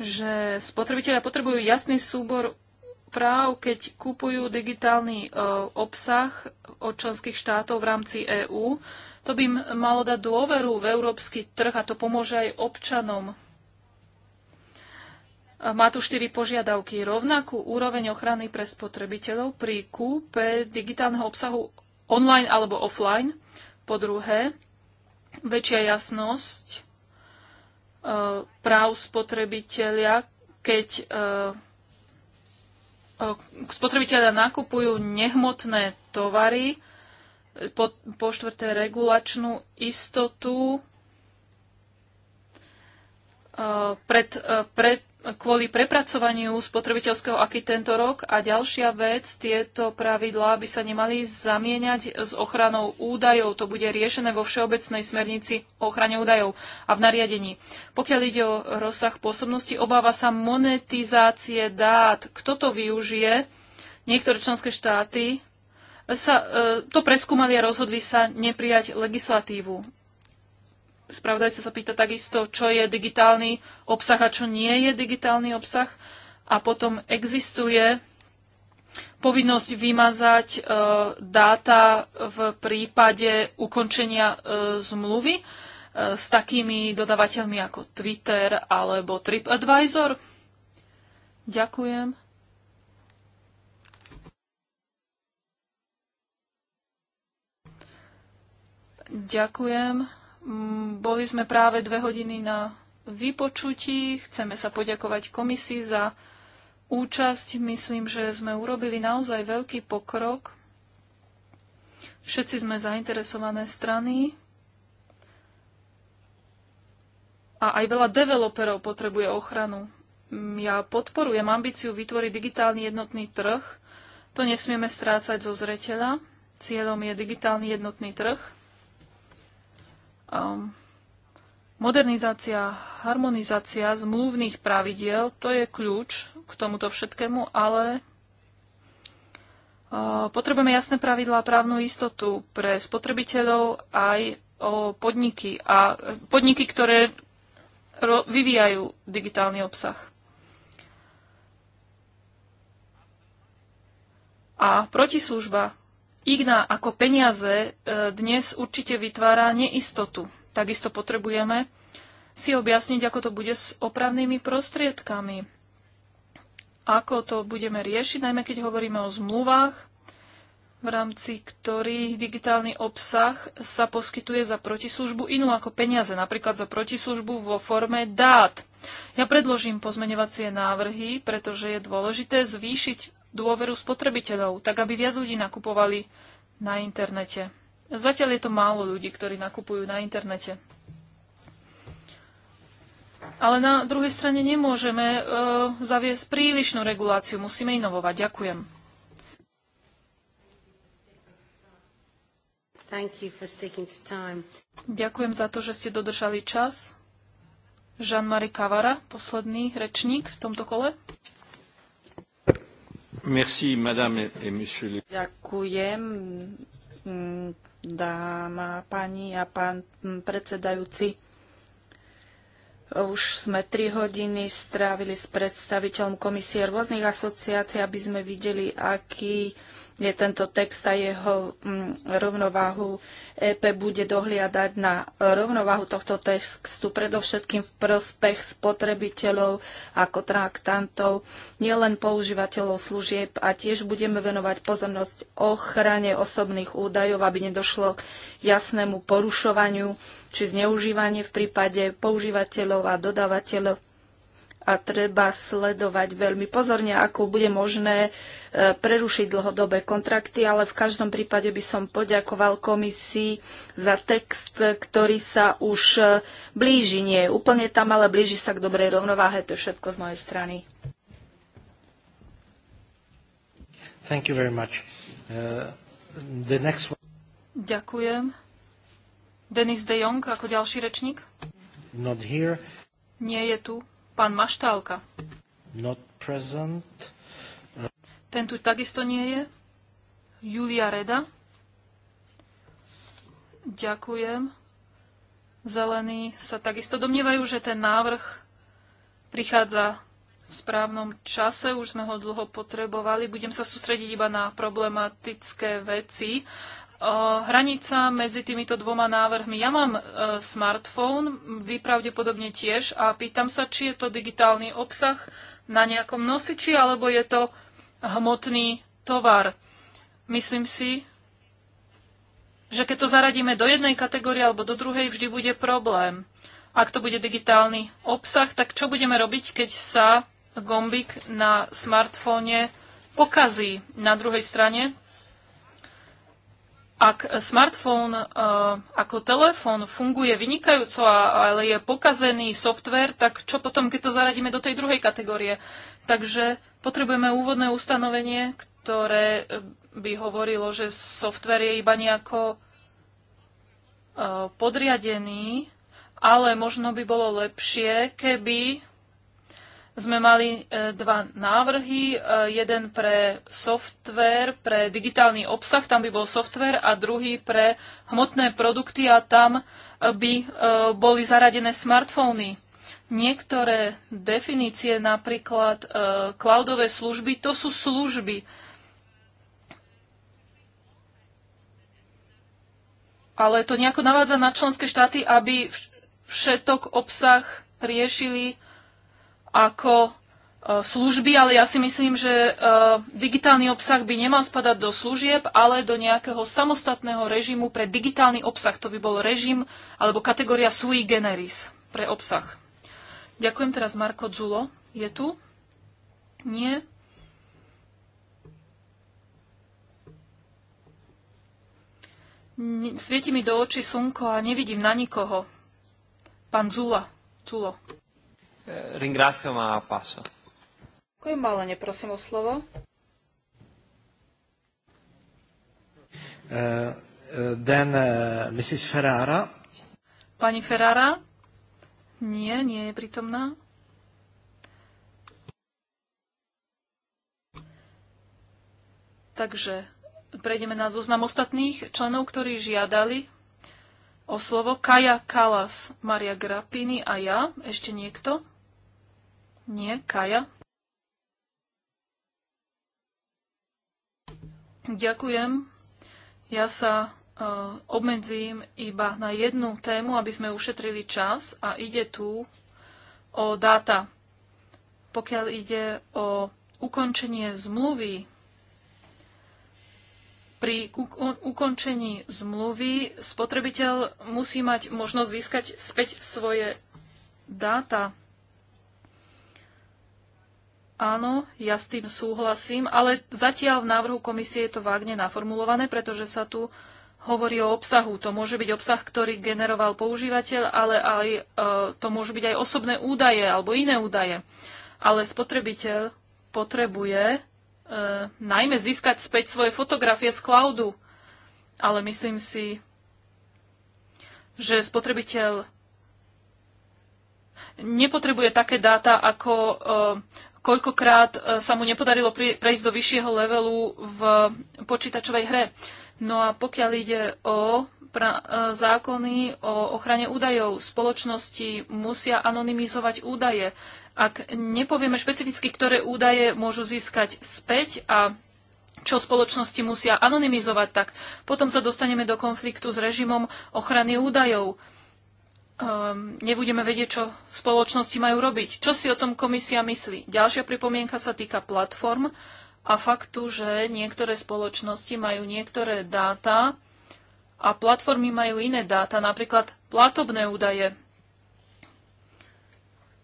že spotrebitelia potrebujú jasný súbor práv, keď kupujú digitálny e, obsah od členských štátov v rámci EÚ. To by malo dať dôveru v európsky trh a to pomôže aj občanom. Má tu štyri požiadavky. Rovnakú úroveň ochrany pre spotrebiteľov pri kúpe digitálneho obsahu online alebo offline. Po druhé, väčšia jasnosť Eh, práv spotrebitelia, keď eh, spotrebitelia nakupujú nehmotné tovary, eh, po, po štvrté regulačnú istotu pred, pred kvôli prepracovaniu spotrebiteľského aký tento rok. A ďalšia vec, tieto pravidlá by sa nemali zamieňať s ochranou údajov. To bude riešené vo Všeobecnej smernici o ochrane údajov a v nariadení. Pokiaľ ide o rozsah pôsobnosti, obáva sa monetizácie dát. Kto to využije? Niektoré členské štáty sa e, to preskúmali a rozhodli sa neprijať legislatívu spravodajca sa pýta takisto, čo je digitálny obsah a čo nie je digitálny obsah. A potom existuje povinnosť vymazať e, dáta v prípade ukončenia e, zmluvy e, s takými dodávateľmi ako Twitter alebo TripAdvisor. Ďakujem. Ďakujem. Mm, boli sme práve dve hodiny na vypočutí. Chceme sa poďakovať komisii za účasť. Myslím, že sme urobili naozaj veľký pokrok. Všetci sme zainteresované strany. A aj veľa developerov potrebuje ochranu. Ja podporujem ambíciu vytvoriť digitálny jednotný trh. To nesmieme strácať zo zreteľa. Cieľom je digitálny jednotný trh Um, modernizácia, harmonizácia zmluvných pravidiel, to je kľúč k tomuto všetkému, ale ehm, Potrebujeme jasné pravidlá a právnu istotu pre spotrebiteľov aj o podniky a podniky, ktoré vyvíjajú digitálny obsah. A protislužba IGNA ako peniaze e, dnes určite vytvára neistotu. Takisto potrebujeme si objasniť, ako to bude s opravnými prostriedkami. Ako to budeme riešiť, najmä keď hovoríme o zmluvách, v rámci ktorých digitálny obsah sa poskytuje za protislužbu inú ako peniaze, napríklad za protislužbu vo forme dát. Ja predložím pozmeňovacie návrhy, pretože je dôležité zvýšiť dôveru spotrebiteľov, tak aby viac ľudí nakupovali na internete. Zatiaľ je to málo ľudí, ktorí nakupujú na internete. Ale na druhej strane nemôžeme e, zaviesť prílišnú reguláciu. Musíme inovovať. Ďakujem. Ďakujem za to, že ste dodržali čas. Jean-Marie Kavara, posledný rečník v tomto kole. Merci, madame et monsieur. Le... Ďakujem, mm, dáma, pani a pán predsedajúci. Už sme tri hodiny strávili s predstaviteľom komisie rôznych asociácií, aby sme videli, aký je tento text a jeho mm, rovnováhu. EP bude dohliadať na rovnováhu tohto textu predovšetkým v prospech spotrebiteľov ako traktantov, nielen používateľov služieb a tiež budeme venovať pozornosť ochrane osobných údajov, aby nedošlo k jasnému porušovaniu či zneužívanie v prípade používateľov a dodávateľov a treba sledovať veľmi pozorne, ako bude možné e, prerušiť dlhodobé kontrakty, ale v každom prípade by som poďakoval komisii za text, ktorý sa už e, blíži. Nie úplne tam, ale blíži sa k dobrej rovnováhe. To je všetko z mojej strany. Thank you very much. Uh, the next one... Ďakujem. Denis de Jong ako ďalší rečník? Not here. Nie je tu. Pán Maštálka. Not present. Ten tu takisto nie je. Julia Reda. Ďakujem. Zelení sa takisto domnievajú, že ten návrh prichádza v správnom čase, už sme ho dlho potrebovali. Budem sa sústrediť iba na problematické veci hranica medzi týmito dvoma návrhmi. Ja mám e, smartfón, vy pravdepodobne tiež a pýtam sa, či je to digitálny obsah na nejakom nosiči alebo je to hmotný tovar. Myslím si, že keď to zaradíme do jednej kategórie alebo do druhej, vždy bude problém. Ak to bude digitálny obsah, tak čo budeme robiť, keď sa gombik na smartfóne pokazí na druhej strane? Ak smartfón eh, ako telefón funguje vynikajúco, ale je pokazený software, tak čo potom, keď to zaradíme do tej druhej kategórie? Takže potrebujeme úvodné ustanovenie, ktoré eh, by hovorilo, že software je iba nejako eh, podriadený, ale možno by bolo lepšie, keby sme mali e, dva návrhy. E, jeden pre software, pre digitálny obsah, tam by bol software, a druhý pre hmotné produkty a tam e, by boli zaradené smartfóny. Niektoré definície, napríklad cloudové služby, to sú služby. Ale to nejako navádza na členské štáty, aby všetok obsah riešili ako e, služby, ale ja si myslím, že e, digitálny obsah by nemal spadať do služieb, ale do nejakého samostatného režimu pre digitálny obsah. To by bol režim alebo kategória sui generis pre obsah. Ďakujem teraz Marko Zulo. Je tu? Nie? Svieti mi do očí slnko a nevidím na nikoho. Pán Zula. Zulo. Ringrazio, ma passo. Qui malo ne prosimo slovo. Uh, uh, then uh, eh, Mrs. Ferrara. Pani Ferrara? Nie, nie je prítomná. Takže prejdeme na zoznam ostatných členov, ktorí žiadali o slovo Kaja Kalas, Maria Grappini a ja. Ešte niekto? Nie, Kaja? Ďakujem. Ja sa e, obmedzím iba na jednu tému, aby sme ušetrili čas a ide tu o dáta. Pokiaľ ide o ukončenie zmluvy, pri ukončení zmluvy spotrebiteľ musí mať možnosť získať späť svoje dáta. Áno, ja s tým súhlasím, ale zatiaľ v návrhu komisie je to vágne naformulované, pretože sa tu hovorí o obsahu. To môže byť obsah, ktorý generoval používateľ, ale aj e, to môžu byť aj osobné údaje alebo iné údaje. Ale spotrebiteľ potrebuje e, najmä získať späť svoje fotografie z cloudu. Ale myslím si, že spotrebiteľ nepotrebuje také dáta ako e, koľkokrát e, sa mu nepodarilo prejsť do vyššieho levelu v počítačovej hre. No a pokiaľ ide o e, zákony o ochrane údajov, spoločnosti musia anonymizovať údaje. Ak nepovieme špecificky, ktoré údaje môžu získať späť a čo spoločnosti musia anonymizovať, tak potom sa dostaneme do konfliktu s režimom ochrany údajov um, nebudeme vedieť, čo spoločnosti majú robiť. Čo si o tom komisia myslí? Ďalšia pripomienka sa týka platform a faktu, že niektoré spoločnosti majú niektoré dáta a platformy majú iné dáta, napríklad platobné údaje.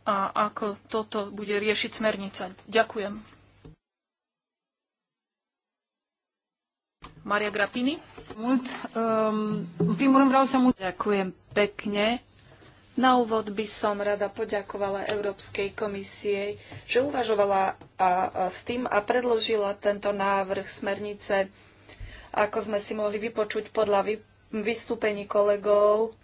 A ako toto bude riešiť smernica. Ďakujem. Maria Grapini. um, ehm, Ďakujem pekne. Na úvod by som rada poďakovala Európskej komisie, že uvažovala a, a s tým a predložila tento návrh smernice. Ako sme si mohli vypočuť podľa vystúpení kolegov,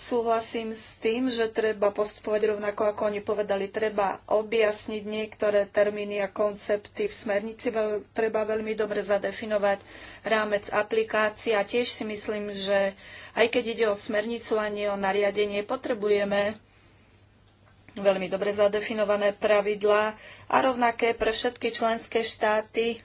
Súhlasím s tým, že treba postupovať rovnako, ako oni povedali. Treba objasniť niektoré termíny a koncepty v smernici. Veľ, treba veľmi dobre zadefinovať rámec aplikácie. A tiež si myslím, že aj keď ide o smernicu a nie o nariadenie, potrebujeme veľmi dobre zadefinované pravidlá a rovnaké pre všetky členské štáty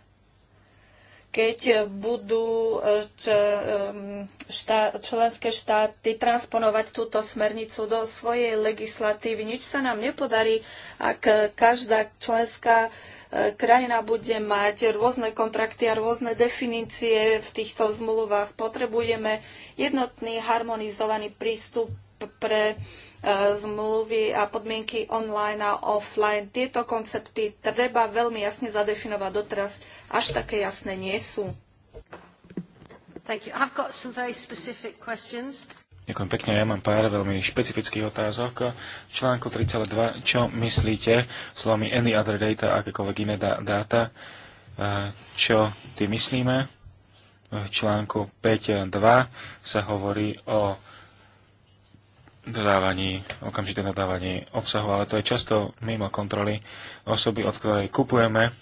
keď budú eh, eh, členské štáty transponovať túto smernicu do svojej legislatívy. Nič sa nám nepodarí, ak každá členská eh, krajina bude mať rôzne kontrakty a rôzne definície v týchto zmluvách. Potrebujeme jednotný, harmonizovaný prístup pre E, zmluvy a podmienky online a offline. Tieto koncepty treba veľmi jasne zadefinovať doteraz, až také jasné nie sú. Ďakujem pekne, ja mám pár veľmi špecifických otázok. V článku 3.2, čo myslíte slovami any other data, akékoľvek iné dáta, e, čo ty myslíme? V článku 5.2 sa hovorí o dodávaní, okamžité dodávaní obsahu, ale to je často mimo kontroly osoby, od ktorej kupujeme,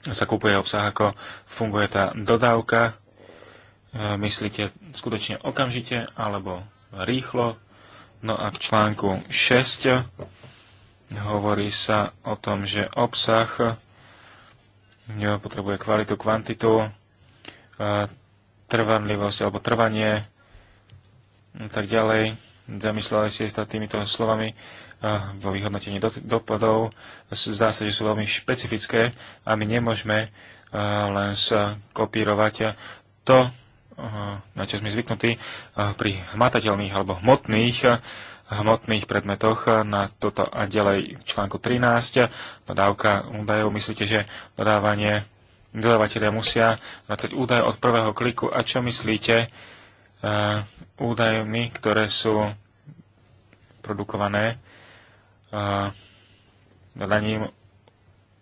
sa kupuje obsah, ako funguje tá dodávka, e, myslíte skutočne okamžite alebo rýchlo. No a v článku 6 hovorí sa o tom, že obsah potrebuje kvalitu, kvantitu, e, trvanlivosť alebo trvanie a tak ďalej zamysleli si sa týmito slovami eh, vo vyhodnotení dopadov. Zdá sa, že sú veľmi špecifické a my nemôžeme eh, len sa kopírovať to, eh, na čo sme zvyknutí pri hmatateľných alebo hmotných hmotných predmetoch na toto a ďalej v článku 13. Dodávka údajov. Myslíte, že dodávanie dodávateľia musia vracať údaje od prvého kliku? A čo myslíte údajmi, ktoré sú produkované dodaním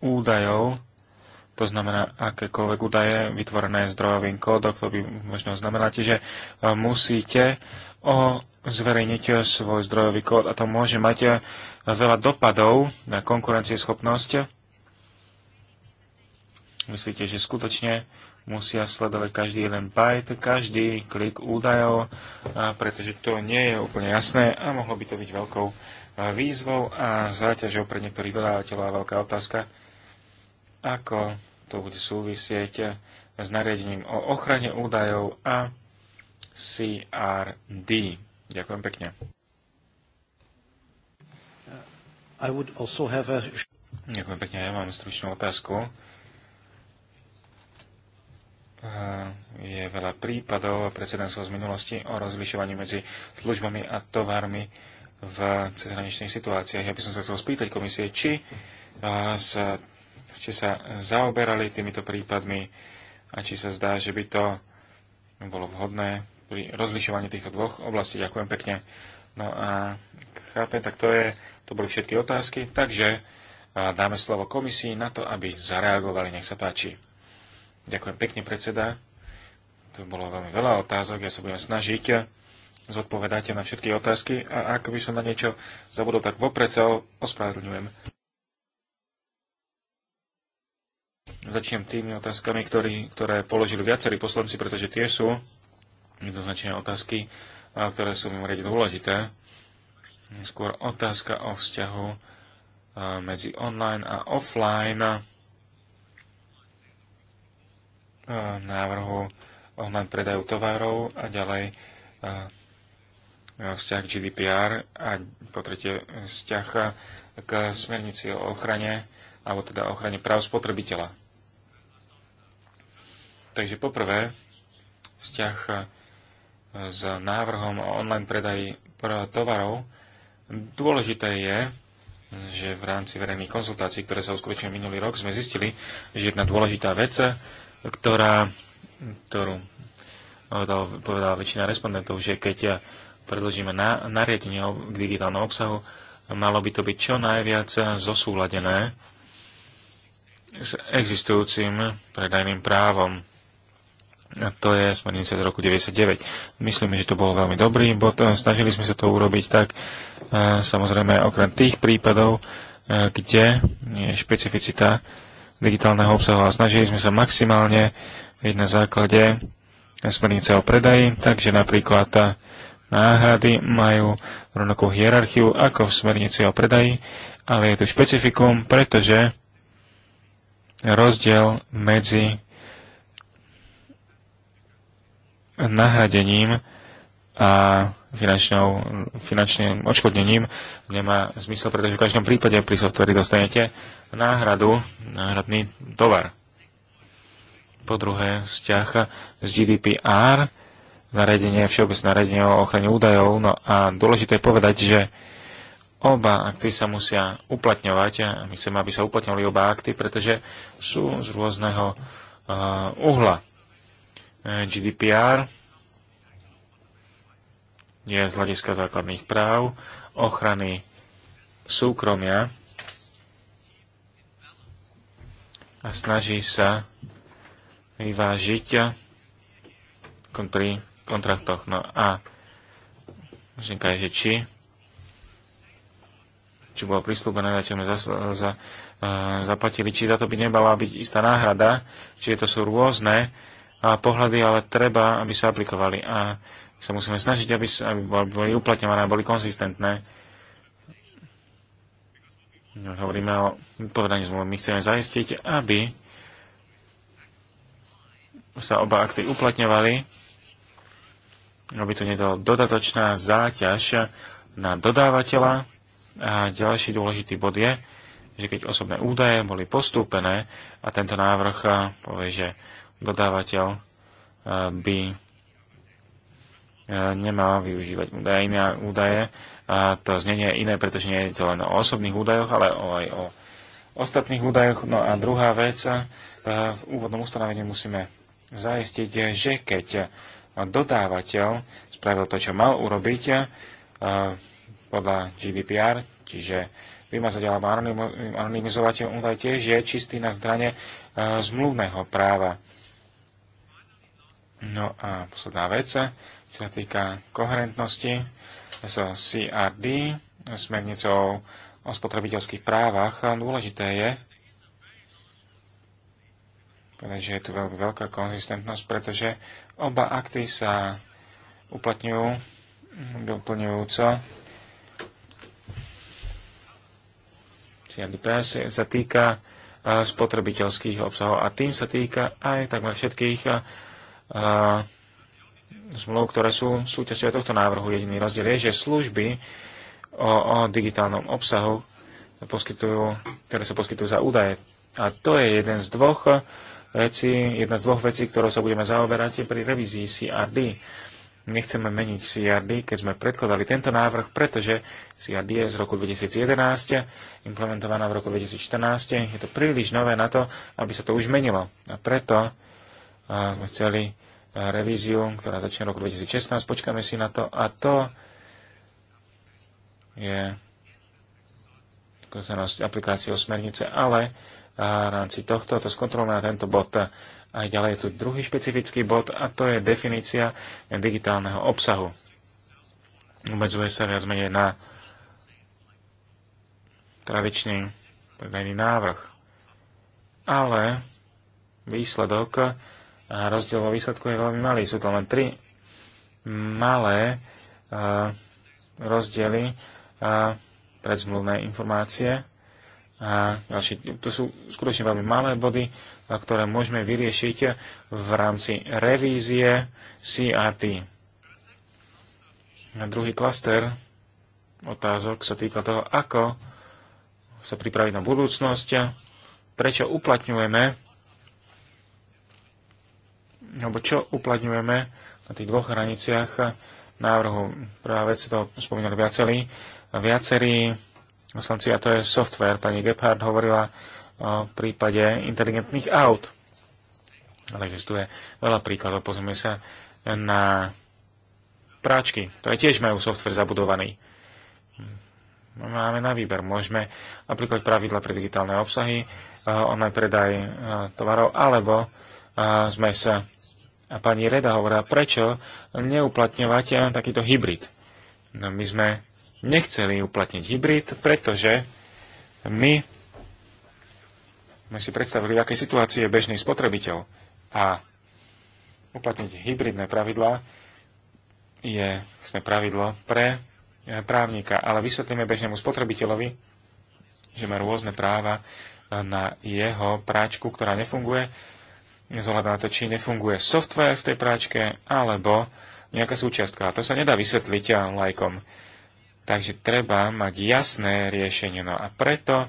údajov, to znamená akékoľvek údaje vytvorené zdrojovým kódom, to by možno znamenáte, že musíte o zverejniť svoj zdrojový kód a to môže mať veľa dopadov na konkurencieschopnosť. Myslíte, že skutočne musia sledovať každý jeden byte, každý klik údajov, pretože to nie je úplne jasné a mohlo by to byť veľkou výzvou a záťažou pre niektorých dodávateľov a veľká otázka, ako to bude súvisieť s nariadením o ochrane údajov a CRD. Ďakujem pekne. A... Ďakujem pekne, ja mám stručnú otázku je veľa prípadov a precedensov z minulosti o rozlišovaní medzi službami a tovarmi v cezhraničných situáciách. Ja by som sa chcel spýtať komisie, či sa, ste sa zaoberali týmito prípadmi a či sa zdá, že by to bolo vhodné pri rozlišovaní týchto dvoch oblastí. Ďakujem pekne. No a chápem, tak to, je, to boli všetky otázky, takže dáme slovo komisii na to, aby zareagovali. Nech sa páči. Ďakujem pekne, predseda. To bolo veľmi veľa otázok. Ja sa budem snažiť zodpovedať na všetky otázky a ak by som na niečo zabudol, tak vopred sa ospravedlňujem. Začnem tými otázkami, ktorý, ktoré položili viacerí poslanci, pretože tie sú jednoznačne otázky, ktoré sú mimoriadne dôležité. Skôr otázka o vzťahu medzi online a offline návrhu online predajú tovarov a ďalej vzťah GDPR a po tretie vzťah k smernici o ochrane alebo teda ochrane práv spotrebiteľa. Takže poprvé vzťah s návrhom o online predaji tovarov. Dôležité je, že v rámci verejných konzultácií, ktoré sa uskutočnili minulý rok, sme zistili, že jedna dôležitá vec ktorá, ktorú povedal, povedala väčšina respondentov, že keď predložíme na, nariadenie k digitálnom obsahu, malo by to byť čo najviac zosúladené s existujúcim predajným právom. A to je smernica z roku 99. Myslíme, že to bolo veľmi dobrý bod. Snažili sme sa to urobiť tak, eh, samozrejme, okrem tých prípadov, eh, kde je špecificita digitálneho obsahu a snažili sme sa maximálne na základe smernice o predaji, takže napríklad tá náhrady majú rovnakú hierarchiu ako v smernici o predaji, ale je tu špecifikum, pretože rozdiel medzi nahradením a finančnou, finančným odškodnením nemá zmysel, pretože v každom prípade pri softveri dostanete náhradu, náhradný tovar. Po druhé, vzťah z GDPR, naredenie, všeobecné naredenie o ochrane údajov. No a dôležité je povedať, že oba akty sa musia uplatňovať a my chceme, aby sa uplatňovali oba akty, pretože sú z rôzneho uh, uhla. Eh, GDPR je z hľadiska základných práv, ochrany súkromia a snaží sa vyvážiť pri kontraktoch. No a myšlienka je, že či či bolo prislúbené, za, za, za, e, zaplatili, či za to by nebala byť istá náhrada, čiže to sú rôzne pohľady, ale treba, aby sa aplikovali. A sa musíme snažiť, aby, aby boli uplatňované a boli konzistentné. No, hovoríme o povedaní zmluvy. My chceme zaistiť, aby sa oba akty uplatňovali, aby to nedalo dodatočná záťaž na dodávateľa. A ďalší dôležitý bod je, že keď osobné údaje boli postúpené a tento návrh povie, že dodávateľ by E, nemá využívať údaje, iné údaje. A to znenie je iné, pretože nie je to len o osobných údajoch, ale aj o ostatných údajoch. No a druhá vec, e, v úvodnom ustanovení musíme zaistiť, že keď dodávateľ spravil to, čo mal urobiť e, podľa GDPR, čiže vymazať alebo anonymizovať údaj tiež je čistý na zdrane zmluvného práva. No a posledná vec, čo sa týka koherentnosti so CRD, smernicou o spotrebiteľských právach. Dôležité je, že je tu veľmi veľká konzistentnosť, pretože oba akty sa uplatňujú doplňujúco. CRDPS sa týka eh, spotrebiteľských obsahov a tým sa týka aj takmer všetkých eh, zmluv, ktoré sú súčasťou tohto návrhu. Jediný rozdiel je, že služby o, o digitálnom obsahu, poskytujú, ktoré sa poskytujú za údaje. A to je jeden z dvoch vecí, jedna z dvoch vecí, ktorou sa budeme zaoberať pri revízii CRD. Nechceme meniť CRD, keď sme predkladali tento návrh, pretože CRD je z roku 2011, implementovaná v roku 2014. Je to príliš nové na to, aby sa to už menilo. A preto sme chceli revíziu, ktorá začne roku 2016. Počkáme si na to. A to je skúsenosť aplikáciou smernice, ale v rámci tohto to skontrolujeme na tento bod. A ďalej je tu druhý špecifický bod a to je definícia digitálneho obsahu. Umedzuje sa viac menej na tradičný predajný návrh. Ale výsledok a rozdiel vo výsledku je veľmi malý. Sú to len tri malé a, rozdiely a predzmluvné informácie. A ďalší, to sú skutočne veľmi malé body, a, ktoré môžeme vyriešiť v rámci revízie CRT. A druhý klaster otázok sa týka toho, ako sa pripraviť na budúcnosť, prečo uplatňujeme alebo čo uplatňujeme na tých dvoch hraniciach návrhu. Prvá vec, to spomínali viacerí, viacerí oslanci, a to je software. Pani Gebhardt hovorila o prípade inteligentných aut. Ale existuje veľa príkladov. Pozrieme sa na práčky, ktoré tiež majú software zabudovaný. Máme na výber. Môžeme napríklad pravidla pre digitálne obsahy, eh, online predaj eh, tovarov, alebo eh, sme sa a pani Reda hovorila, prečo neuplatňovať eh, takýto hybrid. No my sme nechceli uplatniť hybrid, pretože my sme si predstavili, v akej situácii je bežný spotrebiteľ. A uplatniť hybridné pravidlá je vlastne pravidlo pre eh, právnika, ale vysvetlíme bežnému spotrebiteľovi, že má rôzne práva na jeho práčku, ktorá nefunguje zohľadom to, či nefunguje software v tej práčke, alebo nejaká súčiastka. A to sa nedá vysvetliť a lajkom. Takže treba mať jasné riešenie. No a preto e,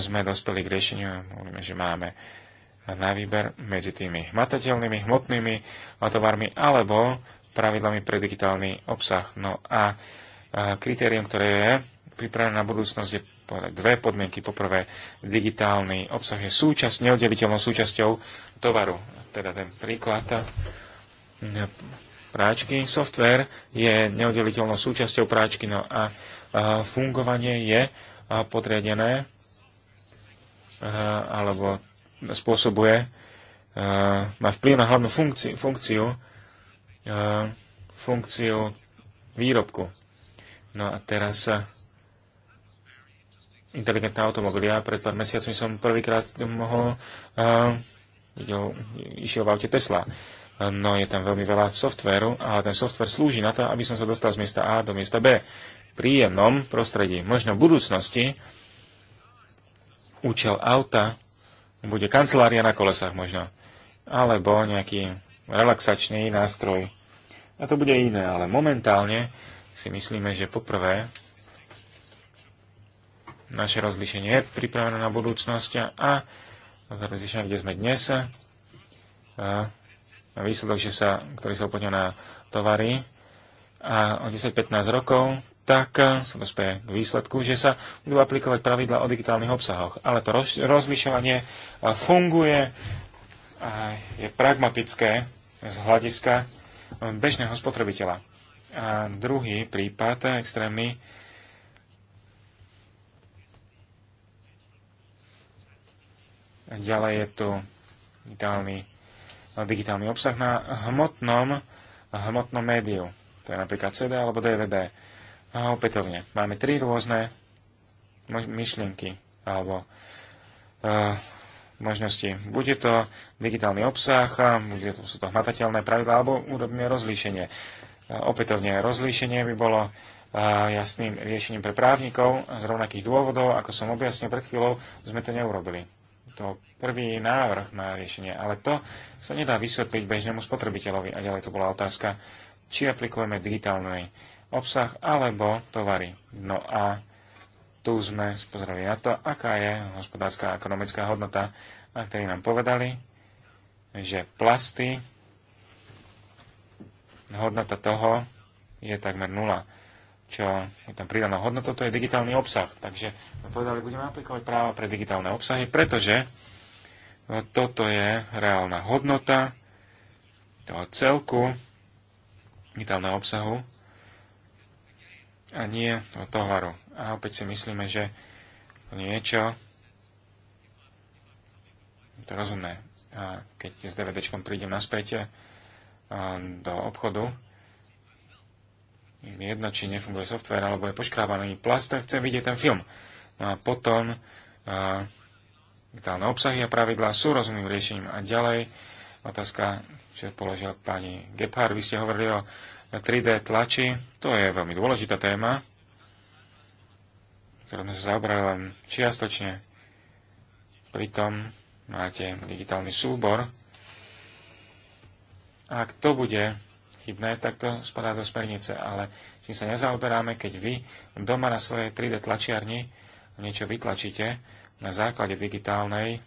sme dospeli k riešeniu, hovoríme, že máme na výber medzi tými hmatateľnými, hmotnými tovarmi alebo pravidlami pre digitálny obsah. No a e, kritérium, ktoré je pripravené na budúcnosť, je dve podmienky. Poprvé, digitálny obsah je súčasť, neoddeliteľnou súčasťou tovaru. Teda ten príklad e, práčky. Software je neoddeliteľnou súčasťou práčky, no a, e, fungovanie je e, podriadené alebo spôsobuje, má vplyv na hlavnú funkciu, funkciu, funkciu výrobku. No a teraz inteligentné automobily. Ja pred pár mesiacmi som prvýkrát mohol, uh, videl, išiel v aute Tesla. No je tam veľmi veľa softvéru, ale ten softver slúži na to, aby som sa dostal z miesta A do miesta B. V príjemnom prostredí. Možno v budúcnosti účel auta bude kancelária na kolesách možno. Alebo nejaký relaxačný nástroj. A to bude iné, ale momentálne si myslíme, že poprvé naše rozlišenie je pripravené na budúcnosť a rozlišenie, kde sme dnes, a výsledok, že sa, ktorý sa uplatňuje na tovary a o 10-15 rokov, tak sa dospeje k výsledku, že sa budú aplikovať pravidla o digitálnych obsahoch. Ale to roz, rozlišovanie funguje a je pragmatické z hľadiska bežného spotrebiteľa. A druhý prípad, extrémny, Ďalej je tu digitálny, no, digitálny obsah na hmotnom, hmotnom médiu. To je napríklad CD alebo DVD. A opätovne, máme tri rôzne myšlienky alebo uh, možnosti. Bude to digitálny obsah, bude to, sú to hmatateľné pravidla alebo urobíme rozlíšenie. Uh, opätovne, rozlíšenie by bolo e, jasným riešením pre právnikov z rovnakých dôvodov, ako som objasnil pred chvíľou, sme to neurobili to prvý návrh na riešenie, ale to sa nedá vysvetliť bežnému spotrebiteľovi. A ďalej to bola otázka, či aplikujeme digitálny obsah alebo tovary. No a tu sme pozreli na to, aká je hospodárska a ekonomická hodnota, a ktorí nám povedali, že plasty, hodnota toho je takmer nula čo je tam pridaná hodnota, to je digitálny obsah. Takže sme povedali, budeme aplikovať práva pre digitálne obsahy, pretože toto je reálna hodnota toho celku digitálneho obsahu a nie toho tovaru. A opäť si myslíme, že to niečo to rozumné. A keď s DVD-čkom prídem naspäť do obchodu, jedno, či nefunguje software, alebo je poškrábaný plast, tak chcem vidieť ten film. No a potom digitálne obsahy a pravidlá sú rozumným riešením. A ďalej otázka, čo položila pani Gebhard, vy ste hovorili o 3D tlači, to je veľmi dôležitá téma, ktorú sme sa zaobrali len čiastočne. Pritom máte digitálny súbor. A ak to bude chybné, tak to spadá do smernice. Ale čím sa nezaoberáme, keď vy doma na svojej 3D tlačiarni niečo vytlačíte na základe digitálnej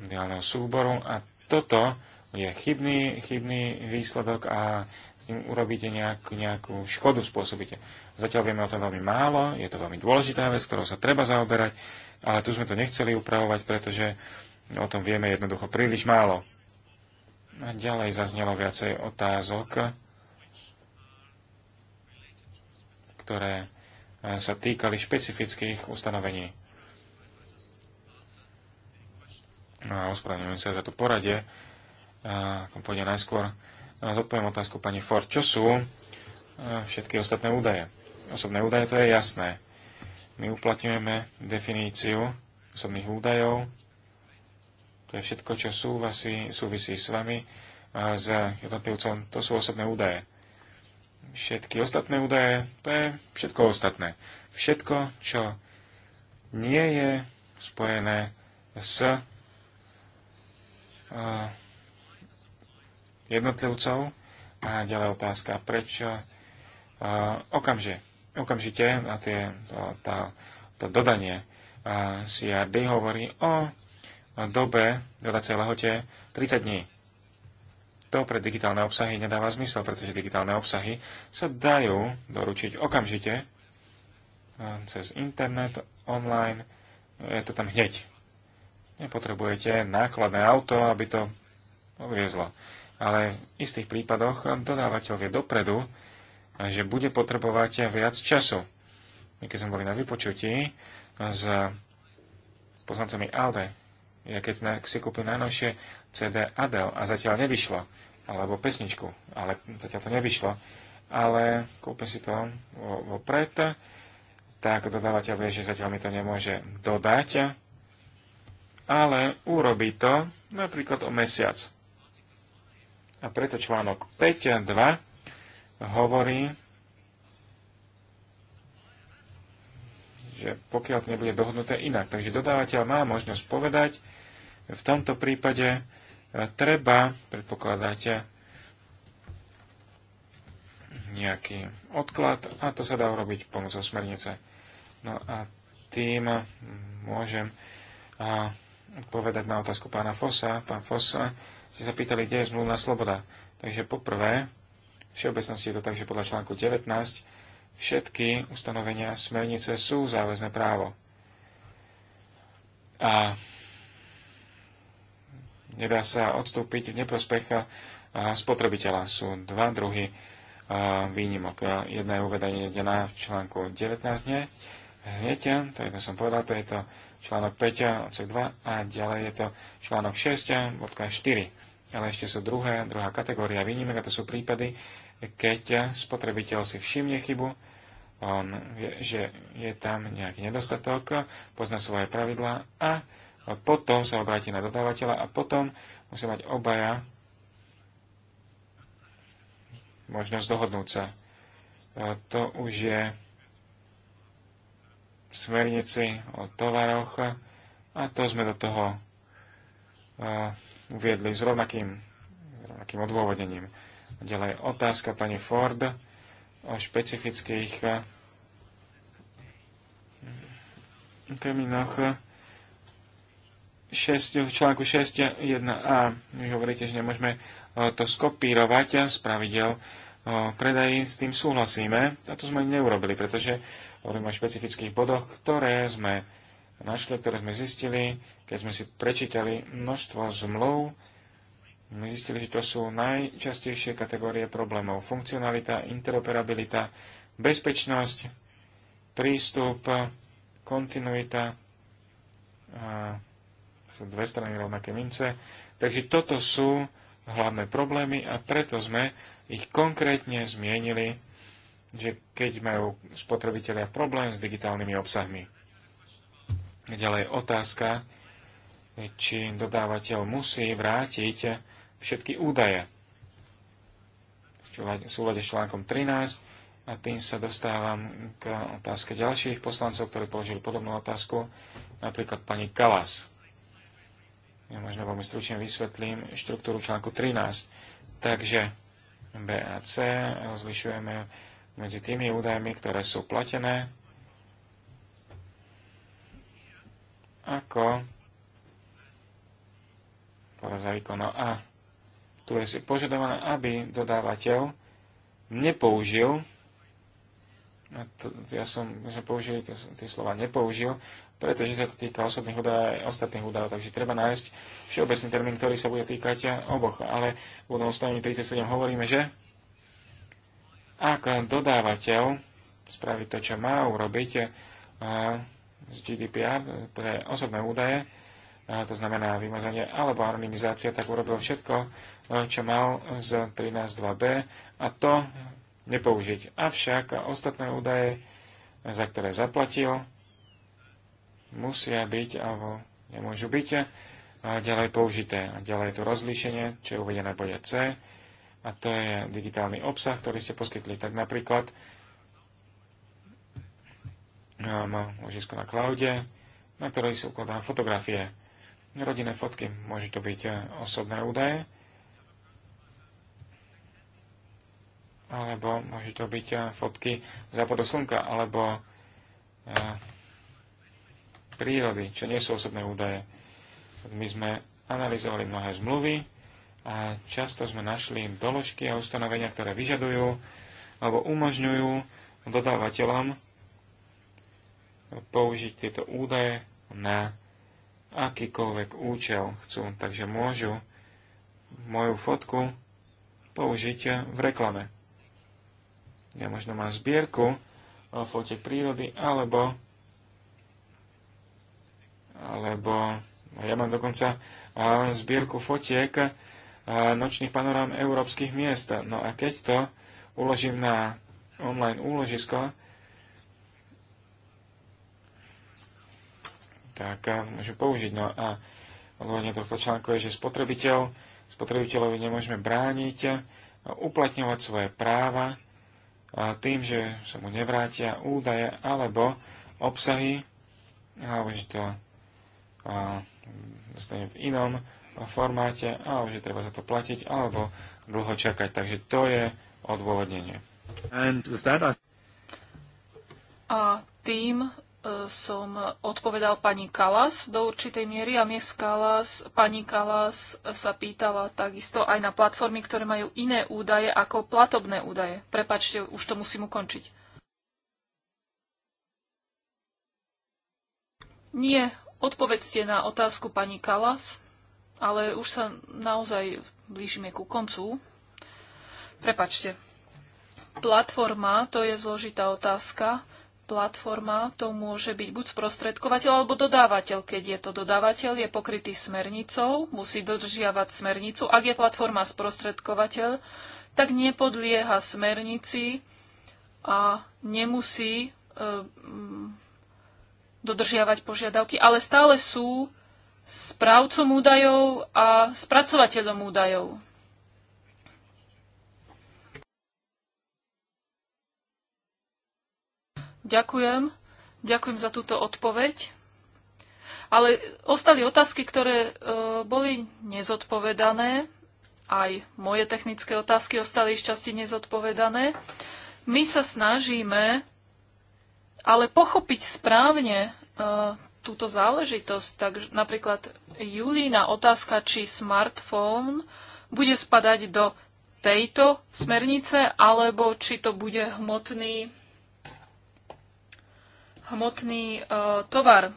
ideálneho súboru a toto je chybný, chybný výsledok a s ním urobíte nejak, nejakú škodu, spôsobíte. Zatiaľ vieme o tom veľmi málo, je to veľmi dôležitá vec, ktorou sa treba zaoberať, ale tu sme to nechceli upravovať, pretože o tom vieme jednoducho príliš málo. A ďalej zaznelo viacej otázok, ktoré eh, sa týkali špecifických ustanovení. No a ospravedlňujem sa za to poradie. Eh, ako pôjde najskôr, no zodpoviem otázku pani Ford. Čo sú eh, všetky ostatné údaje? Osobné údaje, to je jasné. My uplatňujeme definíciu osobných údajov, to je všetko, čo súvisí, súvisí s vami a s jednotlivcom. To sú osobné údaje. Všetky ostatné údaje, to je všetko ostatné. Všetko, čo nie je spojené s jednotlivcov. A ďalej otázka, prečo okamžite, okamžite na tie, to, tá, to dodanie CRD hovorí o dobe, dodacej lehote 30 dní. To pre digitálne obsahy nedáva zmysel, pretože digitálne obsahy sa dajú doručiť okamžite cez internet, online, je to tam hneď. Nepotrebujete nákladné auto, aby to uviezlo. Ale v istých prípadoch dodávateľ vie dopredu, že bude potrebovať viac času. My keď sme boli na vypočutí s poslancami ALDE, ja keď si kúpim najnovšie CD Adele a zatiaľ nevyšlo, alebo pesničku, ale zatiaľ to nevyšlo, ale kúpim si to vopred, tak dodávateľ vie, že zatiaľ mi to nemôže dodať, ale urobí to napríklad o mesiac. A preto článok 5.2 hovorí, že pokiaľ to nebude dohodnuté inak. Takže dodávateľ má možnosť povedať, v tomto prípade e, treba, predpokladáte, nejaký odklad a to sa dá urobiť pomocou smernice. No a tým môžem odpovedať na otázku pána Fossa. Pán Fossa, ste sa pýtali, kde je zmluvná sloboda. Takže poprvé, v všeobecnosti je to tak, že podľa článku 19 všetky ustanovenia smernice sú záväzné právo. A nedá sa odstúpiť v neprospech spotrebiteľa. Sú dva druhy výnimok. Jedna je uvedenie na článku 19 dne. Hneď, to je to som povedal, to je to článok 5, odsek 2 a ďalej je to článok 6, bodka 4. Ale ešte sú druhé, druhá kategória výnimek, a to sú prípady, keď spotrebiteľ si všimne chybu, on vie, že je tam nejaký nedostatok, pozná svoje pravidlá a ale potom sa obráti na dodávateľa a potom musia mať obaja možnosť dohodnúť sa. A to už je v smernici o tovaroch a to sme do toho uviedli s rovnakým, s rovnakým odôvodnením. Ďalej otázka pani Ford o špecifických termínoch 6, v článku 6.1a vy hovoríte, že nemôžeme e, to skopírovať z pravidel e, predají, s tým súhlasíme. A to sme neurobili, pretože hovoríme o špecifických bodoch, ktoré sme našli, ktoré sme zistili, keď sme si prečítali množstvo zmluv, my zistili, že to sú najčastejšie kategórie problémov. Funkcionalita, interoperabilita, bezpečnosť, prístup, kontinuita, a dve strany rovnaké mince. Takže toto sú hlavné problémy a preto sme ich konkrétne zmienili, že keď majú spotrebitelia problém s digitálnymi obsahmi. Ďalej otázka, či dodávateľ musí vrátiť všetky údaje. V súlade s článkom 13 a tým sa dostávam k otázke ďalších poslancov, ktorí položili podobnú otázku, napríklad pani Kalas. Ja možno veľmi stručne vysvetlím štruktúru článku 13. Takže BAC rozlišujeme medzi tými údajmi, ktoré sú platené, ako podľa za výkonu A. Tu je si požadované, aby dodávateľ nepoužil to, ja som, že sme to, tie slova nepoužil, pretože sa to týka osobných údajov aj ostatných údajov, takže treba nájsť všeobecný termín, ktorý sa bude týkať oboch. Ale v úvodnom 37 hovoríme, že ak dodávateľ spraví to, čo má urobiť eh, z GDPR pre osobné údaje, eh, to znamená vymazanie alebo anonymizácia, tak urobil všetko, eh, čo mal z 13.2b a to nepoužiť. Avšak ostatné údaje, za ktoré zaplatil, musia byť alebo nemôžu byť a eh, ďalej použité. A ďalej je to rozlíšenie, čo je uvedené v bode C, a to je digitálny obsah, ktorý ste poskytli. Tak napríklad eh, mám ložisko na cloude, na ktorej sú ukladané fotografie. Rodinné fotky, môžu to byť eh, osobné údaje, alebo môže to byť eh, fotky západu slnka, alebo eh, prírody, čo nie sú osobné údaje. My sme analyzovali mnohé zmluvy a často sme našli doložky a ustanovenia, ktoré vyžadujú alebo umožňujú dodávateľom použiť tieto údaje na akýkoľvek účel chcú. Takže môžu moju fotku použiť v reklame ja možno mám zbierku e, fotiek prírody, alebo alebo no, ja mám dokonca e, zbierku fotiek e, nočných panorám európskych miest. No a keď to uložím na online úložisko, tak môžem použiť. No a odvodne tohto článku je, že spotrebiteľ, spotrebiteľovi nemôžeme brániť uplatňovať svoje práva a tým, že sa mu nevrátia údaje alebo obsahy, alebo že to a, v inom formáte, alebo že treba za to platiť, alebo dlho čakať. Takže to je odôvodnenie. And that I... A tým som odpovedal pani Kalas do určitej miery a miest Kalas, pani Kalas sa pýtala takisto aj na platformy, ktoré majú iné údaje ako platobné údaje. Prepačte, už to musím ukončiť. Nie, odpovedzte na otázku pani Kalas, ale už sa naozaj blížime ku koncu. Prepačte. Platforma, to je zložitá otázka platforma to môže byť buď sprostredkovateľ alebo dodávateľ. Keď je to dodávateľ, je pokrytý smernicou, musí dodržiavať smernicu. Ak je platforma sprostredkovateľ, tak nepodlieha smernici a nemusí e, mm, dodržiavať požiadavky, ale stále sú správcom údajov a spracovateľom údajov. Ďakujem. Ďakujem za túto odpoveď. Ale ostali otázky, ktoré e, boli nezodpovedané. Aj moje technické otázky ostali z časti nezodpovedané. My sa snažíme ale pochopiť správne e, túto záležitosť. Takže napríklad Julína otázka, či smartfón bude spadať do tejto smernice, alebo či to bude hmotný hmotný e, tovar.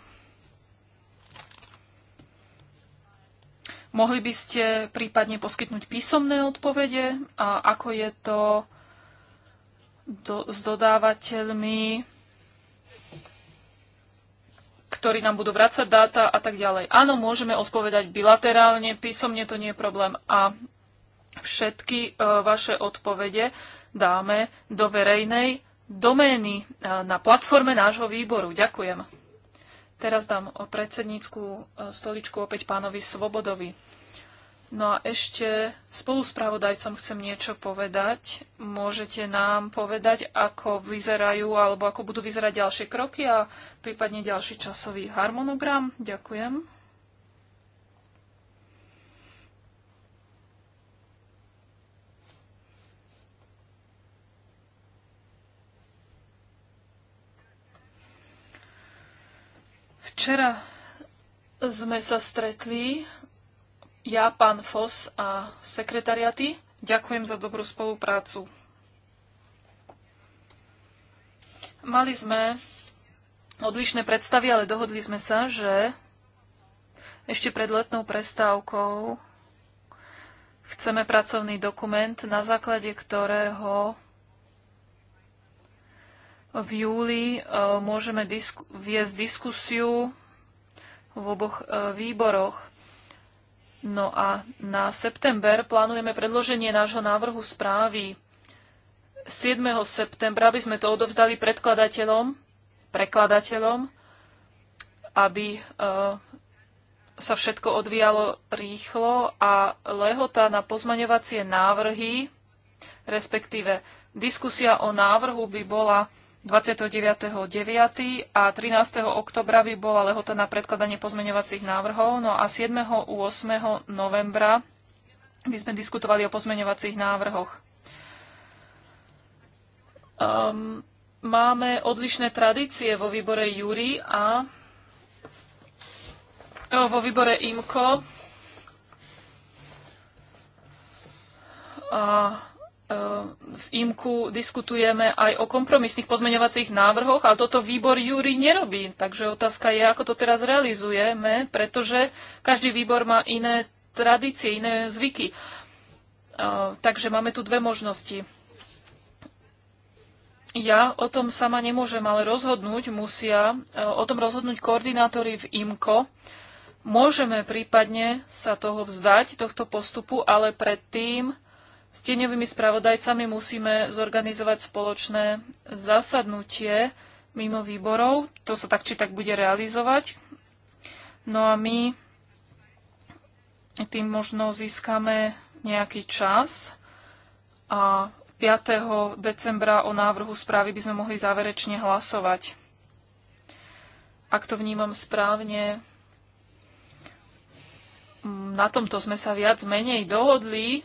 Mohli by ste prípadne poskytnúť písomné odpovede a ako je to do, s dodávateľmi, ktorí nám budú vrácať dáta a tak ďalej. Áno, môžeme odpovedať bilaterálne, písomne to nie je problém a všetky uh, vaše odpovede dáme do verejnej domény e, na platforme nášho výboru. Ďakujem. Teraz dám predsednícku e, stoličku opäť pánovi Svobodovi. No a ešte spoluspravodajcom chcem niečo povedať. Môžete nám povedať, ako vyzerajú alebo ako budú vyzerať ďalšie kroky a prípadne ďalší časový harmonogram. Ďakujem. Včera sme sa stretli, ja, pán Fos a sekretariaty. Ďakujem za dobrú spoluprácu. Mali sme odlišné predstavy, ale dohodli sme sa, že ešte pred letnou prestávkou chceme pracovný dokument, na základe ktorého v júli e, môžeme disku- viesť diskusiu v oboch e, výboroch. No a na september plánujeme predloženie nášho návrhu správy. 7. septembra by sme to odovzdali predkladateľom, prekladateľom, aby e, sa všetko odvíjalo rýchlo a lehota na pozmaňovacie návrhy, respektíve diskusia o návrhu by bola 29.9. a 13. oktobra by bola lehota na predkladanie pozmeňovacích návrhov, no a 7. a 8. novembra by sme diskutovali o pozmeňovacích návrhoch. Um, máme odlišné tradície vo výbore Júri a e, vo výbore IMKO. A v IMKU diskutujeme aj o kompromisných pozmeňovacích návrhoch, ale toto výbor Júri nerobí. Takže otázka je, ako to teraz realizujeme, pretože každý výbor má iné tradície, iné zvyky. Takže máme tu dve možnosti. Ja o tom sama nemôžem, ale rozhodnúť musia, e, o tom rozhodnúť koordinátori v IMKO. Môžeme prípadne sa toho vzdať, tohto postupu, ale predtým s tieňovými spravodajcami musíme zorganizovať spoločné zasadnutie mimo výborov. To sa tak či tak bude realizovať. No a my tým možno získame nejaký čas a 5. decembra o návrhu správy by sme mohli záverečne hlasovať. Ak to vnímam správne, mm, na tomto sme sa viac menej dohodli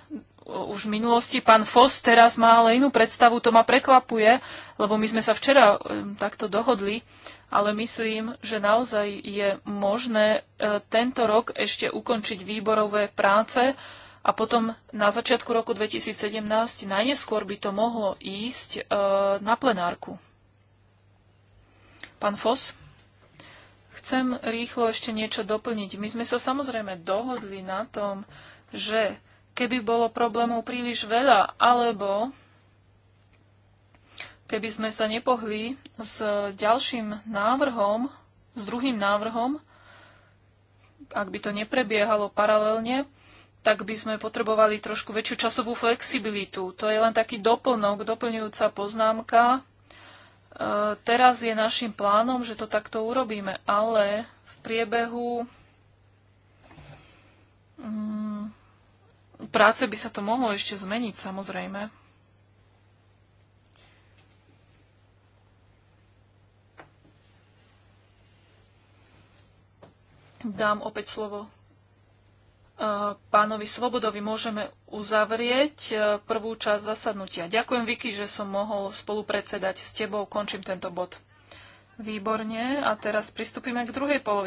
už v minulosti. Pán Fos teraz má ale inú predstavu, to ma prekvapuje, lebo my sme sa včera e, takto dohodli, ale myslím, že naozaj je možné e, tento rok ešte ukončiť výborové práce a potom na začiatku roku 2017 najneskôr by to mohlo ísť e, na plenárku. Pán Fos? Chcem rýchlo ešte niečo doplniť. My sme sa samozrejme dohodli na tom, že keby bolo problémov príliš veľa, alebo keby sme sa nepohli s ďalším návrhom, s druhým návrhom, ak by to neprebiehalo paralelne, tak by sme potrebovali trošku väčšiu časovú flexibilitu. To je len taký doplnok, doplňujúca poznámka. E, teraz je našim plánom, že to takto urobíme, ale v priebehu mm, práce by sa to mohlo ešte zmeniť, samozrejme. Dám opäť slovo e, pánovi Svobodovi môžeme uzavrieť e, prvú časť zasadnutia. Ďakujem, Viki, že som mohol spolupredsedať s tebou. Končím tento bod. Výborne. A teraz pristúpime k druhej polovici.